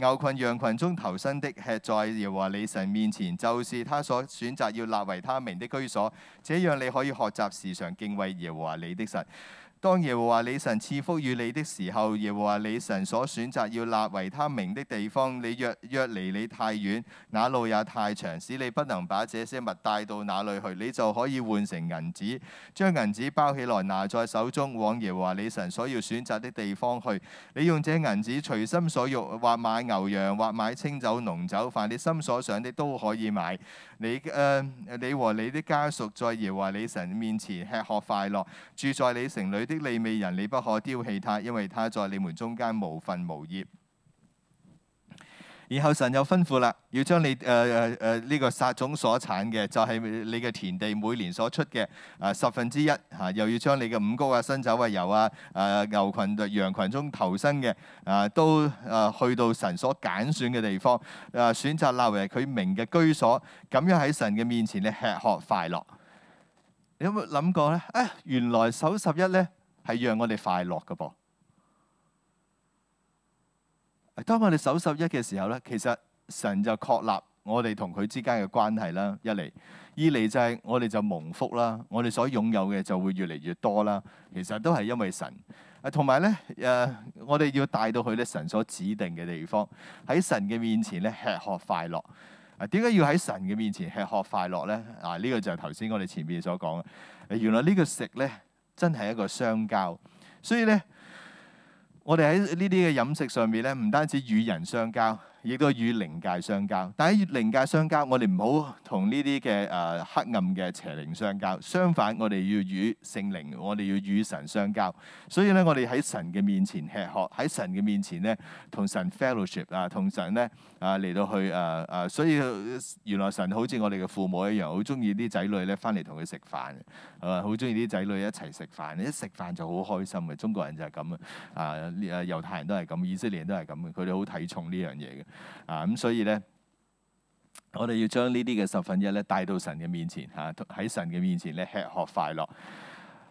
牛群、羊群中頭生的，吃在耶和華你神面前，就是他所選擇要立為他名的居所，這樣你可以學習時常敬畏耶和華你的神。當耶和華你神賜福與你的時候，耶和華你神所選擇要立為他名的地方，你若若離你太遠，那路也太長，使你不能把這些物帶到那裏去，你就可以換成銀子，將銀子包起來拿在手中，往耶和華你神所要選擇的地方去。你用這銀子隨心所欲，或買牛羊，或買清酒濃酒飯，凡你心所想的都可以買。你誒，你和你的家屬在耶和華你神面前吃喝快樂，住在你城裏的利未人，你不可丟棄他，因為他在你們中間無份無業。然後神又吩咐啦，要將你誒誒呢個撒種所產嘅，就係、是、你嘅田地每年所出嘅、啊、呃、十分之一，吓、啊、又要將你嘅五穀啊、新酒啊、油、呃、啊、誒牛群、羊群中投生嘅、啊都啊、呃、去到神所揀選嘅地方啊，選擇立為佢名嘅居所，咁樣喺神嘅面前咧吃喝快樂。你有冇諗過咧？啊、哎，原來守十一咧係讓我哋快樂噶噃。當我哋守十一嘅時候咧，其實神就確立我哋同佢之間嘅關係啦。一嚟，二嚟就係我哋就蒙福啦。我哋所擁有嘅就會越嚟越多啦。其實都係因為神。啊，同埋咧，誒，我哋要帶到去咧神所指定嘅地方，喺神嘅面前咧吃喝快樂。啊，點解要喺神嘅面前吃喝快樂咧？啊，呢個就係頭先我哋前面所講嘅，啊。原來呢個食咧真係一個相交，所以咧。我哋喺呢啲嘅飲食上面咧，唔單止與人相交。亦都與靈界相交，但係與靈界相交，我哋唔好同呢啲嘅誒黑暗嘅邪靈相交。相反，我哋要與聖靈，我哋要與神相交。所以咧，我哋喺神嘅面前吃喝，喺神嘅面前咧，同神 fellowship 啊，同神咧啊嚟到去誒誒。所以原來神好似我哋嘅父母一樣，好中意啲仔女咧翻嚟同佢食飯，誒好中意啲仔女一齊食飯，一食飯就好開心嘅。中國人就係咁啊，啊誒猶太人都係咁，以色列人都係咁嘅，佢哋好睇重呢樣嘢嘅。啊咁所以咧，我哋要將呢啲嘅十分一咧帶到神嘅面前吓，喺、啊、神嘅面前咧吃喝快樂。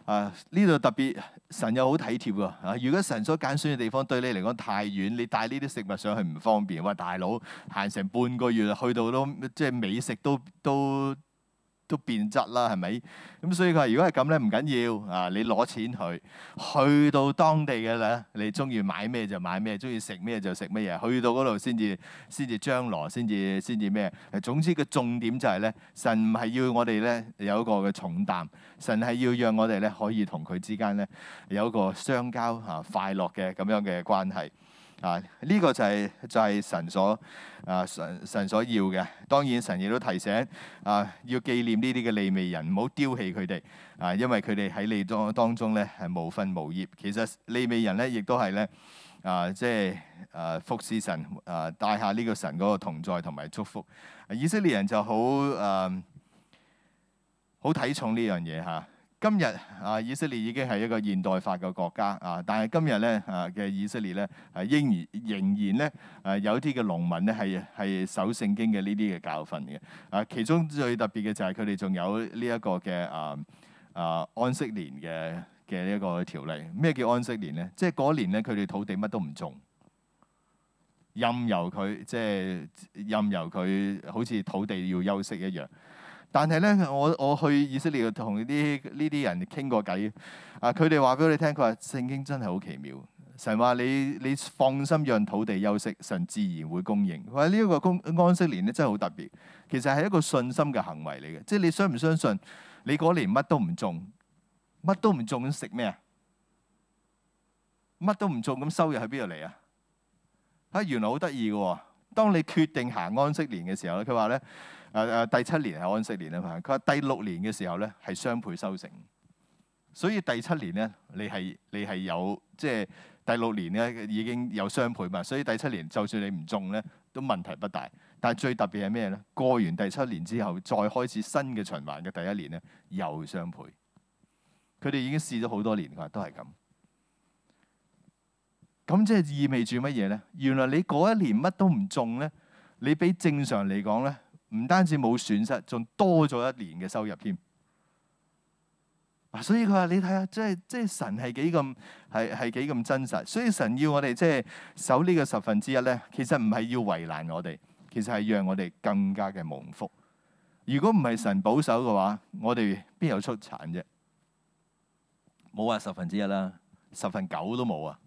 啊呢度特別神又好體貼噶，啊，如果神所揀選嘅地方對你嚟講太遠，你帶呢啲食物上去唔方便。喂大佬，行成半個月去到都即係美食都都。都變質啦，係咪？咁所以佢話：如果係咁咧，唔緊要啊！你攞錢去，去到當地嘅啦，你中意買咩就買咩，中意食咩就食咩嘢，去到嗰度先至先至將來，先至先至咩？總之個重點就係咧，神唔係要我哋咧有一個嘅重擔，神係要讓我哋咧可以同佢之間咧有一個相交啊快樂嘅咁樣嘅關係。啊！呢，這個就係，是，就係，是，神所啊神神所要嘅。當然神亦都提醒啊，要紀念呢啲嘅利未人，唔好丟棄佢哋啊，因為佢哋喺利當當中咧係無分無業。其實利未人咧亦都係咧啊，即係啊服侍神啊，帶，啊、下呢個神嗰個同在同埋祝福，啊。以色列人就好啊，好睇重呢樣嘢嚇。啊。今日啊，以色列已經係一個現代化嘅國家啊，但係今日咧啊嘅以色列咧，係仍然仍然咧誒有啲嘅農民咧係係守聖經嘅呢啲嘅教訓嘅啊，其中最特別嘅就係佢哋仲有呢一個嘅啊啊安息年嘅嘅呢一個條例。咩叫安息年咧？即係嗰年咧，佢哋土地乜都唔種，任由佢即係任由佢好似土地要休息一樣。但係咧，我我去以色列同啲呢啲人傾過偈，啊，佢哋話俾我哋聽，佢話聖經真係好奇妙，神話你你放心讓土地休息，神自然會供應。佢話呢一個安息年咧真係好特別，其實係一個信心嘅行為嚟嘅，即係你相唔相信你？你嗰年乜都唔種，乜都唔種，食咩啊？乜都唔種咁收入喺邊度嚟啊？啊，原來好得意嘅喎！當你決定行安息年嘅時候咧，佢話咧。誒誒，uh, uh, 第七年係安息年啊嘛。佢話第六年嘅時候咧，係雙倍收成，所以第七年咧，你係你係有即係、就是、第六年咧已經有雙倍嘛。所以第七年就算你唔種咧，都問題不大。但係最特別係咩咧？過完第七年之後，再開始新嘅循環嘅第一年咧，又雙倍。佢哋已經試咗好多年，佢話都係咁。咁即係意味住乜嘢咧？原來你嗰一年乜都唔種咧，你比正常嚟講咧。唔單止冇損失，仲多咗一年嘅收入添。所以佢話：你睇下，即係即係神係幾咁係係幾咁真實。所以神要我哋即係守呢個十分之一咧，其實唔係要為難我哋，其實係讓我哋更加嘅蒙福。如果唔係神保守嘅話，我哋邊有出產啫？冇話十分之一啦，十分九都冇啊！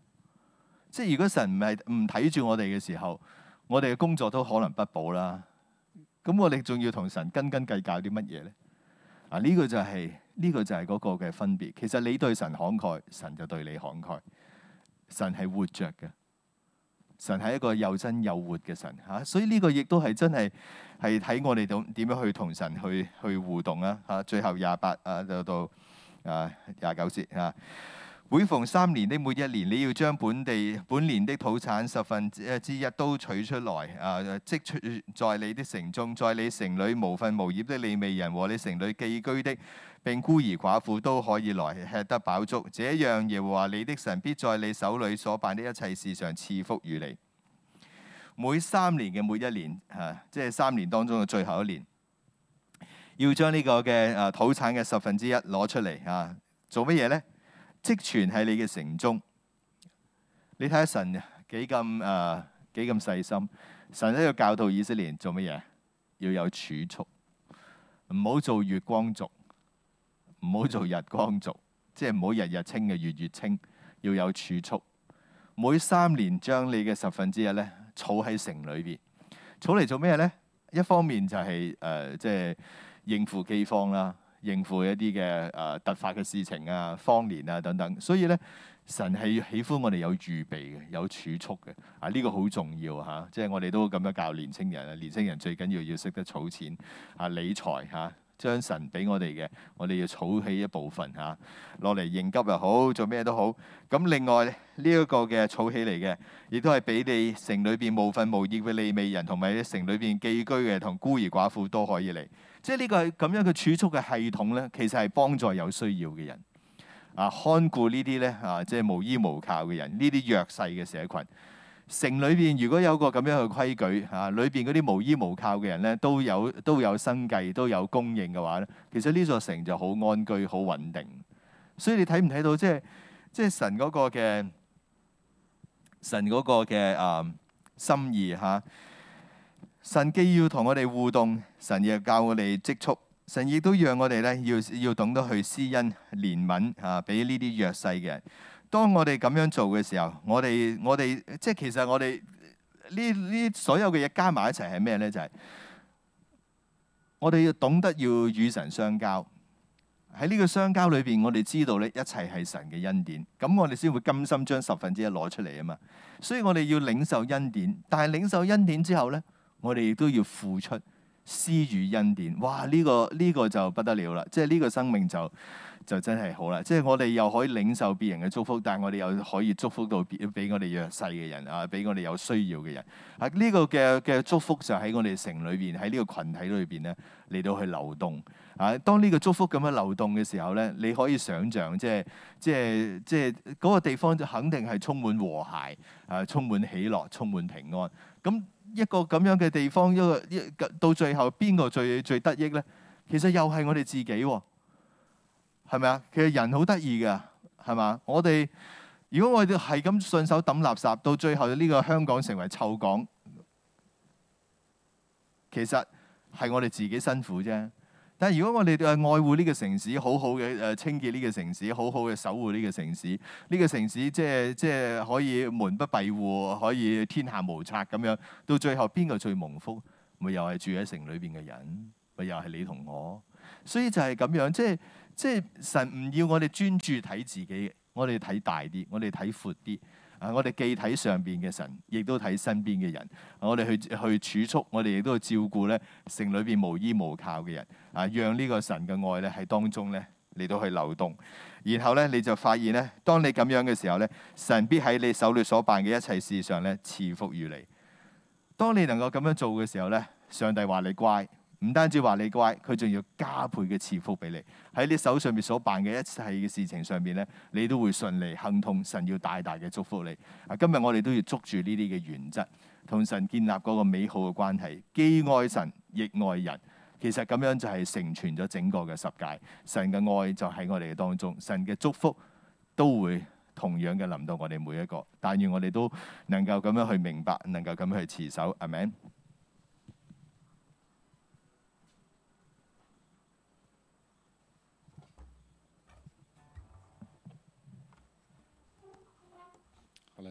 即係如果神唔係唔睇住我哋嘅時候，我哋嘅工作都可能不保啦。咁我哋仲要同神斤斤計較啲乜嘢咧？啊，呢、這個就係、是、呢、這個就係嗰個嘅分別。其實你對神慷慨，神就對你慷慨。神係活着嘅，神係一個又真又活嘅神吓、啊。所以呢個亦都係真係係睇我哋點點樣去同神去去互動啊。吓、啊。最後廿八啊到到啊廿九節啊。每逢三年的每一年，你要將本地本年的土產十分之一都取出來啊，積存在你的城中，在你城裏無份無業的利未人和你城裏寄居的，並孤兒寡婦都可以來吃得飽足。這樣耶和華你的神必在你手裏所辦的一切事上賜福與你。每三年嘅每一年，吓、啊，即係三年當中嘅最後一年，要將呢個嘅啊土產嘅十分之一攞出嚟啊，做乜嘢呢？積存喺你嘅城中，你睇下神幾咁誒幾咁細心。神喺度教導以色列做乜嘢？要有儲蓄，唔好做月光族，唔好做日光族，即係唔好日日清嘅月月清，要有儲蓄。每三年將你嘅十分之一咧儲喺城裏邊，儲嚟做咩咧？一方面就係誒即係應付飢荒啦。應付一啲嘅誒突發嘅事情啊、荒年啊等等，所以咧神係喜歡我哋有預備嘅、有儲蓄嘅啊，呢、這個好重要嚇、啊，即係我哋都咁樣教年青人啊，年青人最緊要要識得儲錢啊、理財嚇、啊，將神俾我哋嘅，我哋要儲起一部分嚇，落、啊、嚟應急又好，做咩都好。咁另外呢一、這個嘅儲起嚟嘅，亦都係俾你城裏邊無份無業嘅利未人，同埋城裏邊寄居嘅同孤兒寡婦都可以嚟。即係呢個咁樣嘅儲蓄嘅系統咧，其實係幫助有需要嘅人啊，看顧呢啲咧啊，即係無依無靠嘅人，呢啲弱勢嘅社群，城裏邊如果有個咁樣嘅規矩啊，裏邊嗰啲無依無靠嘅人咧都有都有生計、都有供應嘅話咧，其實呢座城就好安居、好穩定。所以你睇唔睇到即係即係神嗰個嘅神嗰個嘅啊心意嚇？啊神既要同我哋互動，神亦教我哋積蓄，神亦都讓我哋咧要要懂得去施恩憐憫啊，俾呢啲弱勢嘅人。當我哋咁樣做嘅時候，我哋我哋即係其實我哋呢呢所有嘅嘢加埋一齊係咩咧？就係我哋要懂得要與神相交，喺呢個相交裏邊，我哋知道咧，一切係神嘅恩典。咁我哋先會甘心將十分之一攞出嚟啊嘛。所以我哋要領受恩典，但係領受恩典之後咧。我哋亦都要付出施予恩典，哇！呢個呢個就不得了啦，即係呢個生命就就真係好啦。即係我哋又可以領受別人嘅祝福，但係我哋又可以祝福到俾我哋弱勢嘅人啊，俾我哋有需要嘅人。啊，呢個嘅嘅祝福就喺我哋城裏邊，喺呢個群體裏邊咧嚟到去流動。啊，當呢個祝福咁樣流動嘅時候咧，你可以想象，即係即係即係嗰個地方就肯定係充滿和諧啊，充，充滿喜樂，充滿平安。咁、嗯一個咁樣嘅地方，一個一個到最後邊個最最得益咧？其實又係我哋自己喎，係咪啊？其實人好得意噶，係嘛？我哋如果我哋係咁順手抌垃圾，到最後呢個香港成為臭港，其實係我哋自己辛苦啫。但係如果我哋誒愛護呢個城市，好好嘅誒清潔呢個城市，好好嘅守護呢個城市，呢個城市即係即係可以門不閉戶，可以天下無賊咁樣，到最後邊個最蒙福？咪又係住喺城裏邊嘅人，咪又係你同我。所以就係咁樣，即係即係神唔要我哋專注睇自己，我哋睇大啲，我哋睇闊啲。啊！我哋既睇上面嘅神，亦都睇身邊嘅人。我哋去去儲蓄，我哋亦都去照顧咧城裏邊無依無靠嘅人。啊，讓呢個神嘅愛咧喺當中咧嚟到去流動。然後咧，你就發現咧，當你咁樣嘅時候咧，神必喺你手裏所辦嘅一切事上咧，賜福與你。當你能夠咁樣做嘅時候咧，上帝話你乖。唔單止話你乖，佢仲要加倍嘅賜福俾你，喺你手上面所辦嘅一切嘅事情上面咧，你都會順利亨通。神要大大嘅祝福你。啊，今日我哋都要捉住呢啲嘅原則，同神建立嗰個美好嘅關係，既愛神亦愛人。其實咁樣就係成全咗整個嘅十誡。神嘅愛就喺我哋嘅當中，神嘅祝福都會同樣嘅臨到我哋每一個。但願我哋都能夠咁樣去明白，能夠咁樣去持守。阿門。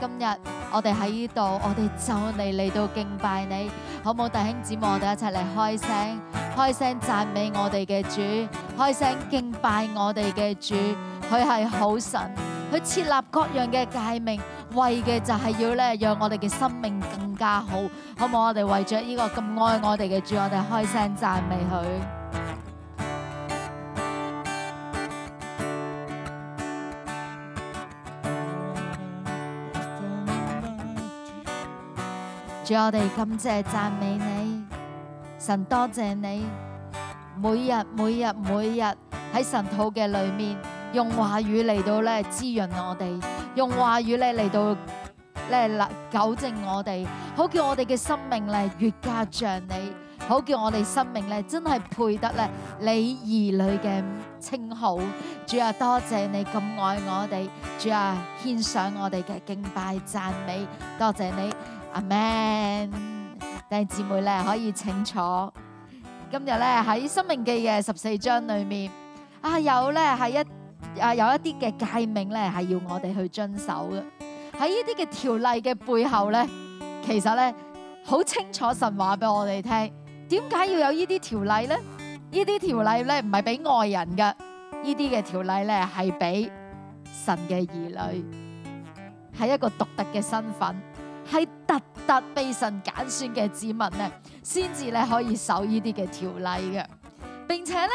今日我哋喺呢度，我哋就嚟嚟到敬拜你，好冇弟兄姊妹？我哋一齊嚟開聲，開聲讚美我哋嘅主，開聲敬拜我哋嘅主。佢係好神，佢設立各樣嘅誡命，為嘅就係要咧讓我哋嘅生命更加好，好冇？我哋為咗呢個咁愛我哋嘅主，我哋開聲讚美佢。主，我哋感謝讚美你，神，多謝你，每日每日每日喺神土嘅裏面，用話語嚟到咧滋潤我哋，用話語咧嚟到咧嚟糾正我哋，好叫我哋嘅生命咧越加像你，好叫我哋生命咧真係配得咧你兒女嘅稱號。主啊，多謝你咁愛我哋，主啊，獻上我哋嘅敬拜讚美，多謝你。阿 man 弟兄姊妹咧可以清楚，今日咧喺《申命記》嘅十四章裏面，啊有咧係一啊有一啲嘅誡命咧係要我哋去遵守嘅。喺呢啲嘅條例嘅背後咧，其實咧好清楚神話俾我哋聽，點解要有呢啲條例咧？呢啲條例咧唔係俾外人嘅，呢啲嘅條例咧係俾神嘅兒女，係一個獨特嘅身份。係特特被神揀選嘅子民咧，先至咧可以守呢啲嘅條例嘅，並且呢，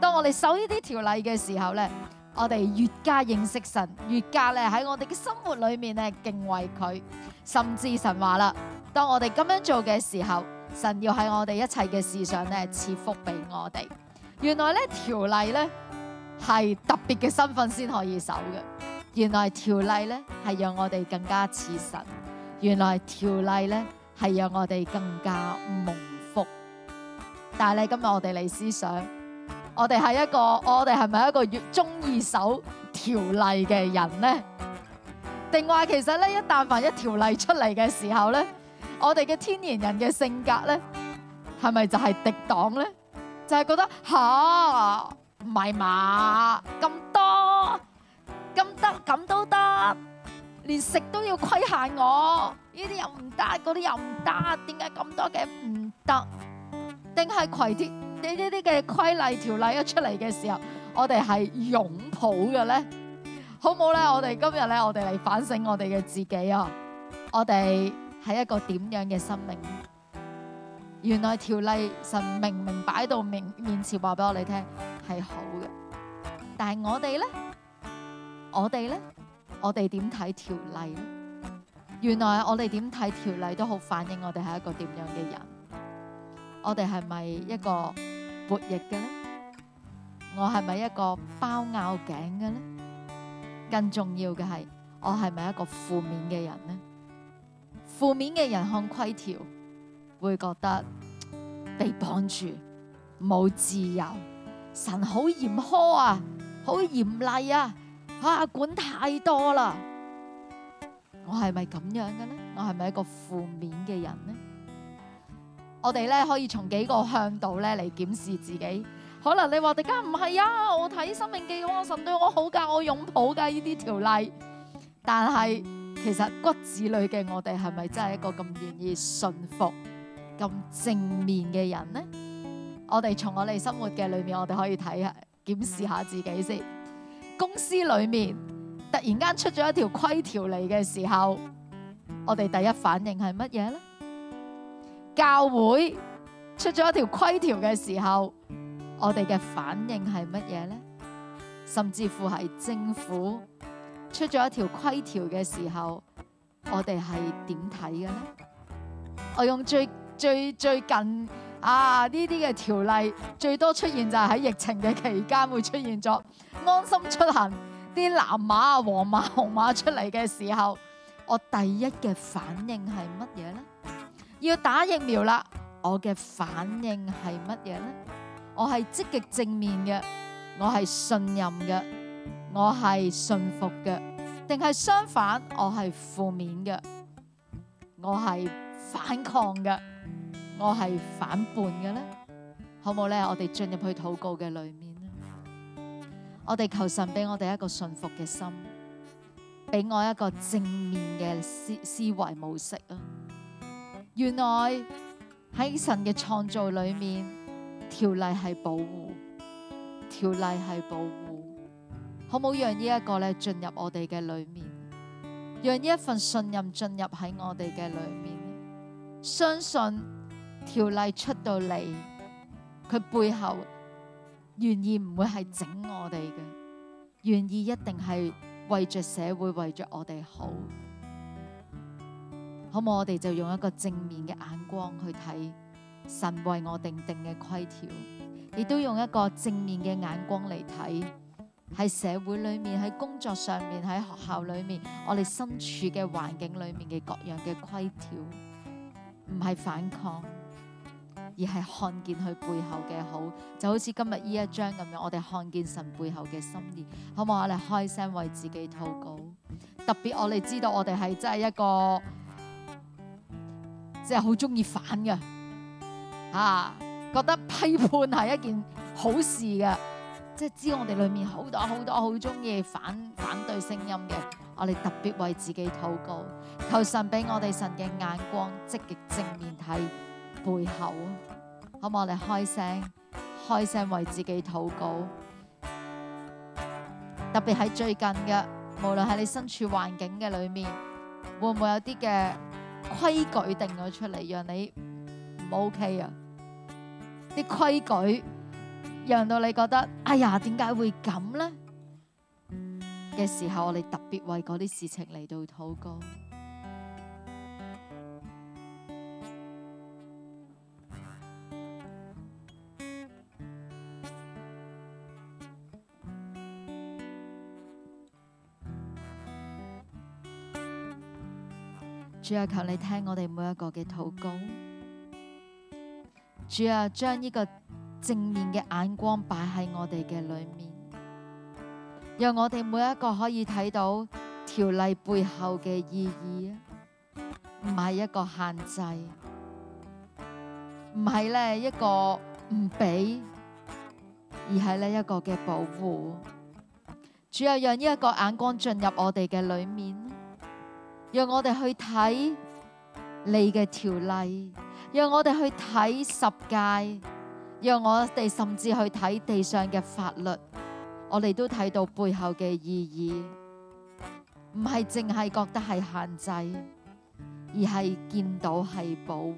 當我哋守呢啲條例嘅時候呢，我哋越加認識神，越加咧喺我哋嘅生活裏面咧敬畏佢，甚至神話啦。當我哋咁樣做嘅時候，神要喺我哋一切嘅事上呢，賜福俾我哋。原來呢條例呢，係特別嘅身份先可以守嘅。原來條例呢，係讓我哋更加似神。原來條例咧係讓我哋更加蒙福，但係咧今日我哋嚟思想，我哋係一個我哋係咪一個越鍾意守條例嘅人咧？定話其實咧一但凡一條例出嚟嘅時候咧，我哋嘅天然人嘅性格咧係咪就係抵擋咧？就係覺得嚇，唔係嘛，咁多咁得，咁都得。連食都要規限我，呢啲又唔得，嗰啲又唔得，點解咁多嘅唔得？定係攜啲你呢啲嘅規例條例一出嚟嘅時候，我哋係擁抱嘅咧，好唔好咧？我哋今日咧，我哋嚟反省我哋嘅自己啊！我哋喺一個點樣嘅生命？原來條例神明明擺到面前話俾我哋聽係好嘅，但係我哋咧，我哋咧。我哋點睇條例呢？原來我哋點睇條例都好反映我哋係一個點樣嘅人？我哋係咪一個悖逆嘅呢？我係咪一個包拗頸嘅呢？更重要嘅係，我係咪一個負面嘅人呢？負面嘅人看規條，會覺得被綁住，冇自由。神好嚴苛啊，好嚴厲啊！啊，管太多啦！我係咪咁樣嘅呢？我係咪一個負面嘅人呢？我哋咧可以從幾個向度咧嚟檢視自己。可能你話大家唔係啊，我睇《申命記》我神對我好噶，我擁抱噶呢啲條例。但係其實骨子裏嘅我哋係咪真係一個咁願意信服、咁正面嘅人呢？我哋從我哋生活嘅裏面，我哋可以睇下、檢視下自己先。公司裏面突然間出咗一條規條嚟嘅時候，我哋第一反應係乜嘢呢？教會出咗一條規條嘅時候，我哋嘅反應係乜嘢呢？甚至乎係政府出咗一條規條嘅時候，我哋係點睇嘅呢？我用最最最近。啊！呢啲嘅條例最多出現就係喺疫情嘅期間會出現咗安心出行，啲藍碼啊、黃碼、紅碼出嚟嘅時候，我第一嘅反應係乜嘢呢？要打疫苗啦，我嘅反應係乜嘢呢？我係積極正面嘅，我係信任嘅，我係信服嘅，定係相反？我係負面嘅，我係反抗嘅。我係反叛嘅咧，好唔好咧？我哋進入去禱告嘅裏面咧，我哋求神俾我哋一個信服嘅心，俾我一個正面嘅思思維模式啊！原來喺神嘅創造裏面，條例係保護，條例係保護，好唔好讓？讓呢一個咧進入我哋嘅裏面，讓呢一份信任進入喺我哋嘅裏面，相信。條例出到嚟，佢背後原意唔會係整我哋嘅，原意一定係為着社會、為着我哋好，好冇？我哋就用一個正面嘅眼光去睇神為我定定嘅規條，亦都用一個正面嘅眼光嚟睇喺社會裏面、喺工作上面、喺學校裏面，我哋身處嘅環境裏面嘅各樣嘅規條，唔係反抗。而係看見佢背後嘅好，就好似今日呢一張咁樣，我哋看見神背後嘅心意好，好唔好我哋開聲為自己禱告？特別我哋知道我哋係真係一個，即係好中意反嘅，啊，覺得批判係一件好事嘅，即係知我哋裏面好多好多好中意反反對聲音嘅，我哋特別為自己禱告，求神俾我哋神嘅眼光，積極正面睇。背後，好冇？我哋開聲，開聲為自己禱告。特別喺最近嘅，無論喺你身處環境嘅裏面，會唔會有啲嘅規矩定咗出嚟，讓你唔 OK 啊？啲規矩讓到你覺得，哎呀，點解會咁咧？嘅時候，我哋特別為嗰啲事情嚟到禱告。主要求你聽我哋每一個嘅禱告。主要將呢個正面嘅眼光擺喺我哋嘅裏面，讓我哋每一個可以睇到條例背後嘅意義，唔係一個限制，唔係咧一個唔俾，而係呢一個嘅保護。主要讓呢一個眼光進入我哋嘅裏面。讓我哋去睇你嘅條例，讓我哋去睇十誡，讓我哋甚至去睇地上嘅法律，我哋都睇到背後嘅意義，唔係淨係覺得係限制，而係見到係保護，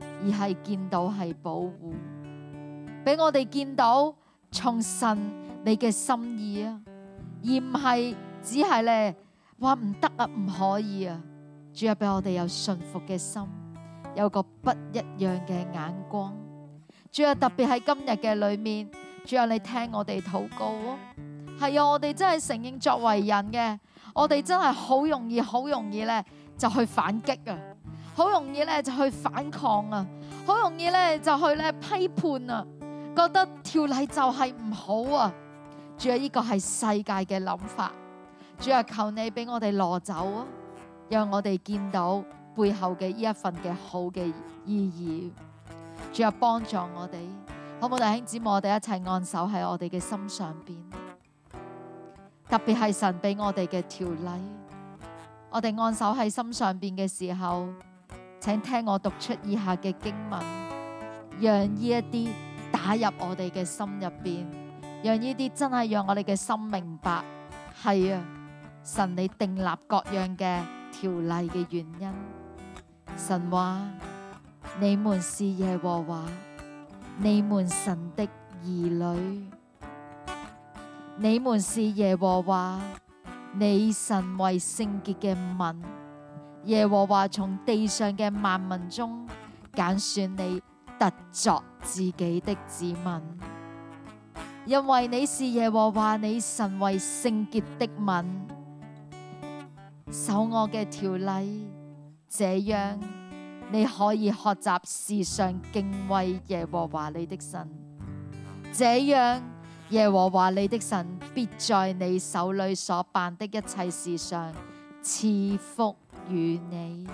而係見到係保護，俾我哋見到重申你嘅心意啊，而唔係只係咧。話唔得啊，唔可以啊！主啊，俾我哋有信服嘅心，有個不一樣嘅眼光。主啊，特別喺今日嘅裏面，主啊，你聽我哋禱告。係啊，我哋真係承認作為人嘅，我哋真係好容易，好容易咧就去反擊啊，好容易咧就去反抗啊，好容易咧就去咧批判啊，覺得條例就係唔好啊。主啊，呢個係世界嘅諗法。主啊，求你俾我哋攞走，啊，讓我哋見到背後嘅呢一份嘅好嘅意義。主啊，幫助我哋，好唔好？弟兄姊妹，我哋一齊按手喺我哋嘅心上邊，特別係神俾我哋嘅條例。我哋按手喺心上邊嘅時候，請聽我讀出以下嘅經文，讓呢一啲打入我哋嘅心入邊，讓呢啲真係讓我哋嘅心明白。係啊。神你定立各樣嘅條例嘅原因，神話你們是耶和華，你們神的兒女，你們是耶和華，你神為聖潔嘅民。耶和華從地上嘅萬民中揀選你，特作自己的子民，因為你是耶和華，你神為聖潔的民。守我嘅條例，這樣你可以學習時常敬畏耶和華你的神。這樣耶和華你的神必在你手裏所辦的一切事上賜福與你。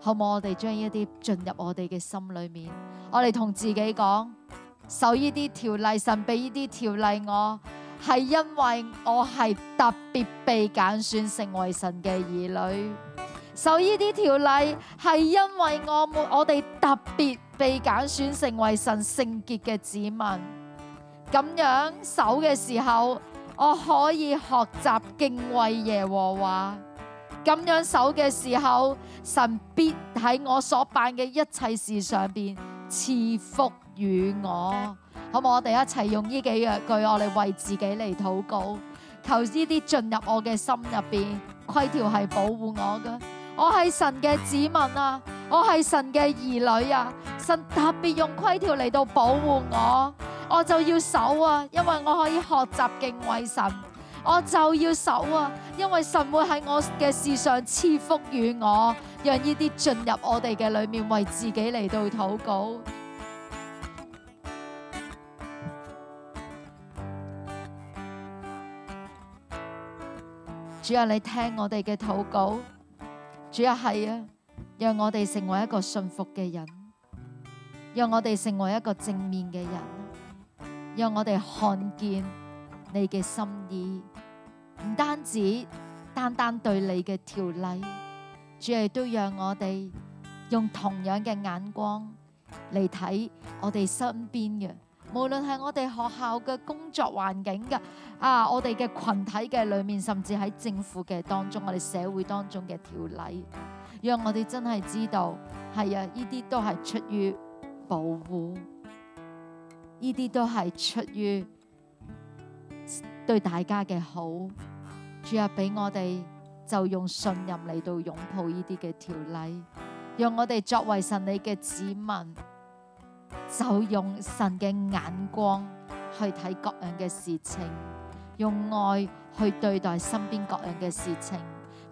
好唔好？我哋將呢一啲進入我哋嘅心裏面，我哋同自己講，守呢啲條例，神俾呢啲條例我。係因為我係特別被揀選成為神嘅兒女，守呢啲條例係因為我我哋特別被揀選成為神聖潔嘅子民。咁樣守嘅時候，我可以學習敬畏耶和華。咁樣守嘅時候，神必喺我所辦嘅一切事上面賜福於我。好，我哋一齊用呢幾句，我哋為自己嚟禱告，求呢啲進入我嘅心入邊。規條係保護我噶，我係神嘅子民啊，我係神嘅兒女啊，神特別用規條嚟到保護我，我就要守啊，因為我可以學習敬畏神，我就要守啊，因為神會喺我嘅事上賜福於我，讓呢啲進入我哋嘅裏面，為自己嚟到禱告。主啊，你聽我哋嘅禱告。主啊，係啊，讓我哋成為一個信服嘅人，讓我哋成為一個正面嘅人，讓我哋看見你嘅心意，唔單止單單，單對你嘅條例，主係都讓我哋用同樣嘅眼光嚟睇我哋身邊嘅。無論係我哋學校嘅工作環境嘅啊，我哋嘅群體嘅裏面，甚至喺政府嘅當中，我哋社會當中嘅條例，讓我哋真係知道，係啊，呢啲都係出於保護，呢啲都係出於對大家嘅好。主啊，俾我哋就用信任嚟到擁抱呢啲嘅條例，讓我哋作為神你嘅子民。就用神嘅眼光去睇各樣嘅事情，用愛去對待身邊各樣嘅事情。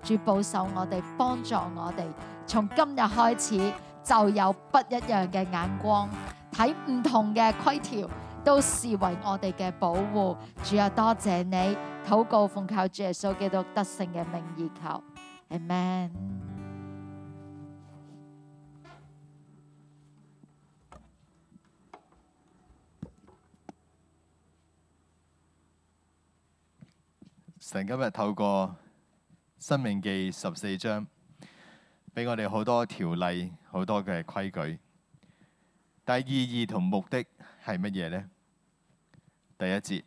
主保守我哋，幫助我哋，從今日開始就有不一樣嘅眼光睇唔同嘅規條，都視為我哋嘅保護。主啊，多謝你，禱告奉靠耶穌基督得勝嘅名義求，阿門。神今日透過《申命記》十四章，俾我哋好多條例、好多嘅規矩，但意義同目的係乜嘢呢？第一節：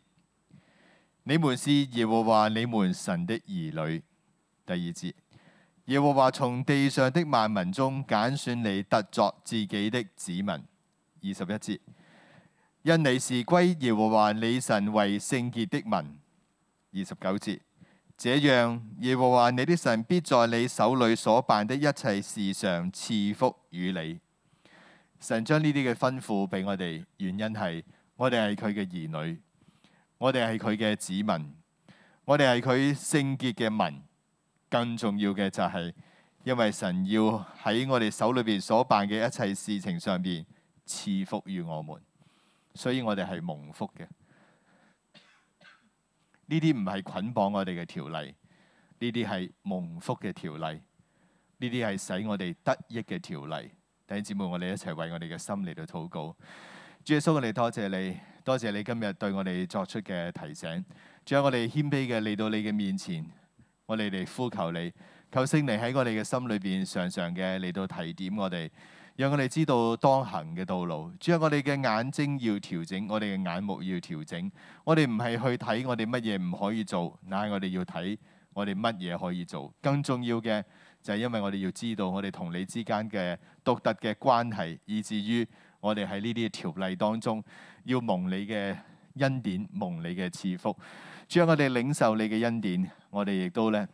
你們是耶和華你們神的兒女。第二節：耶和華從地上的萬民中揀選你，特作自己的子民。二十一節：因你是歸耶和華你神為聖潔的民。二十九節，這樣耶和華你的神必在你手裏所辦的一切事上賜福與你。神將呢啲嘅吩咐俾我哋，原因係我哋係佢嘅兒女，我哋係佢嘅子民，我哋係佢聖潔嘅民。更重要嘅就係，因為神要喺我哋手裏邊所辦嘅一切事情上邊賜福於我們，所以我哋係蒙福嘅。呢啲唔係捆綁我哋嘅條例，呢啲係蒙福嘅條例，呢啲係使我哋得益嘅條例。弟兄姊妹，我哋一齊為我哋嘅心嚟到禱告。主耶穌，我哋多謝你，多謝你今日對我哋作出嘅提醒。將我哋謙卑嘅嚟到你嘅面前，我哋嚟呼求你，求聖靈喺我哋嘅心裏邊常常嘅嚟到提點我哋。讓我哋知道當行嘅道路，將我哋嘅眼睛要調整，我哋嘅眼目要調整。我哋唔係去睇我哋乜嘢唔可以做，乃係我哋要睇我哋乜嘢可以做。更重要嘅就係因為我哋要知道我哋同你之間嘅獨特嘅關係，以至於我哋喺呢啲條例當中要蒙你嘅恩典，蒙你嘅賜福。將我哋領受你嘅恩典，我哋亦都咧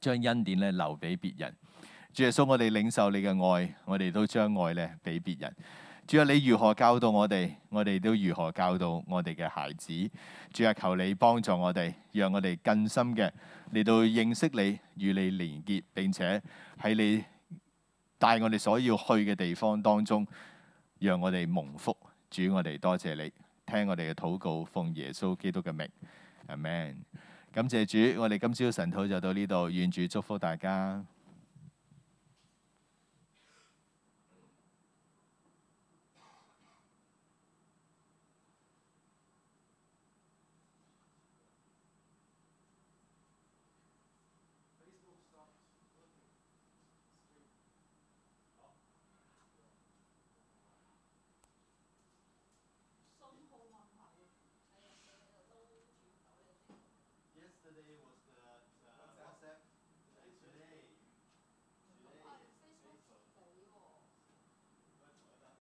將恩典咧留俾別人。主耶穌，我哋領受你嘅愛，我哋都將愛咧俾別人。主啊，你如何教導我哋，我哋都如何教導我哋嘅孩子。主啊，求你幫助我哋，讓我哋更深嘅嚟到認識你，與你連結，並且喺你帶我哋所要去嘅地方當中，讓我哋蒙福。主，我哋多謝你聽我哋嘅禱告，奉耶穌基督嘅名，阿門。感謝主，我哋今朝神討就到呢度，願主祝福大家。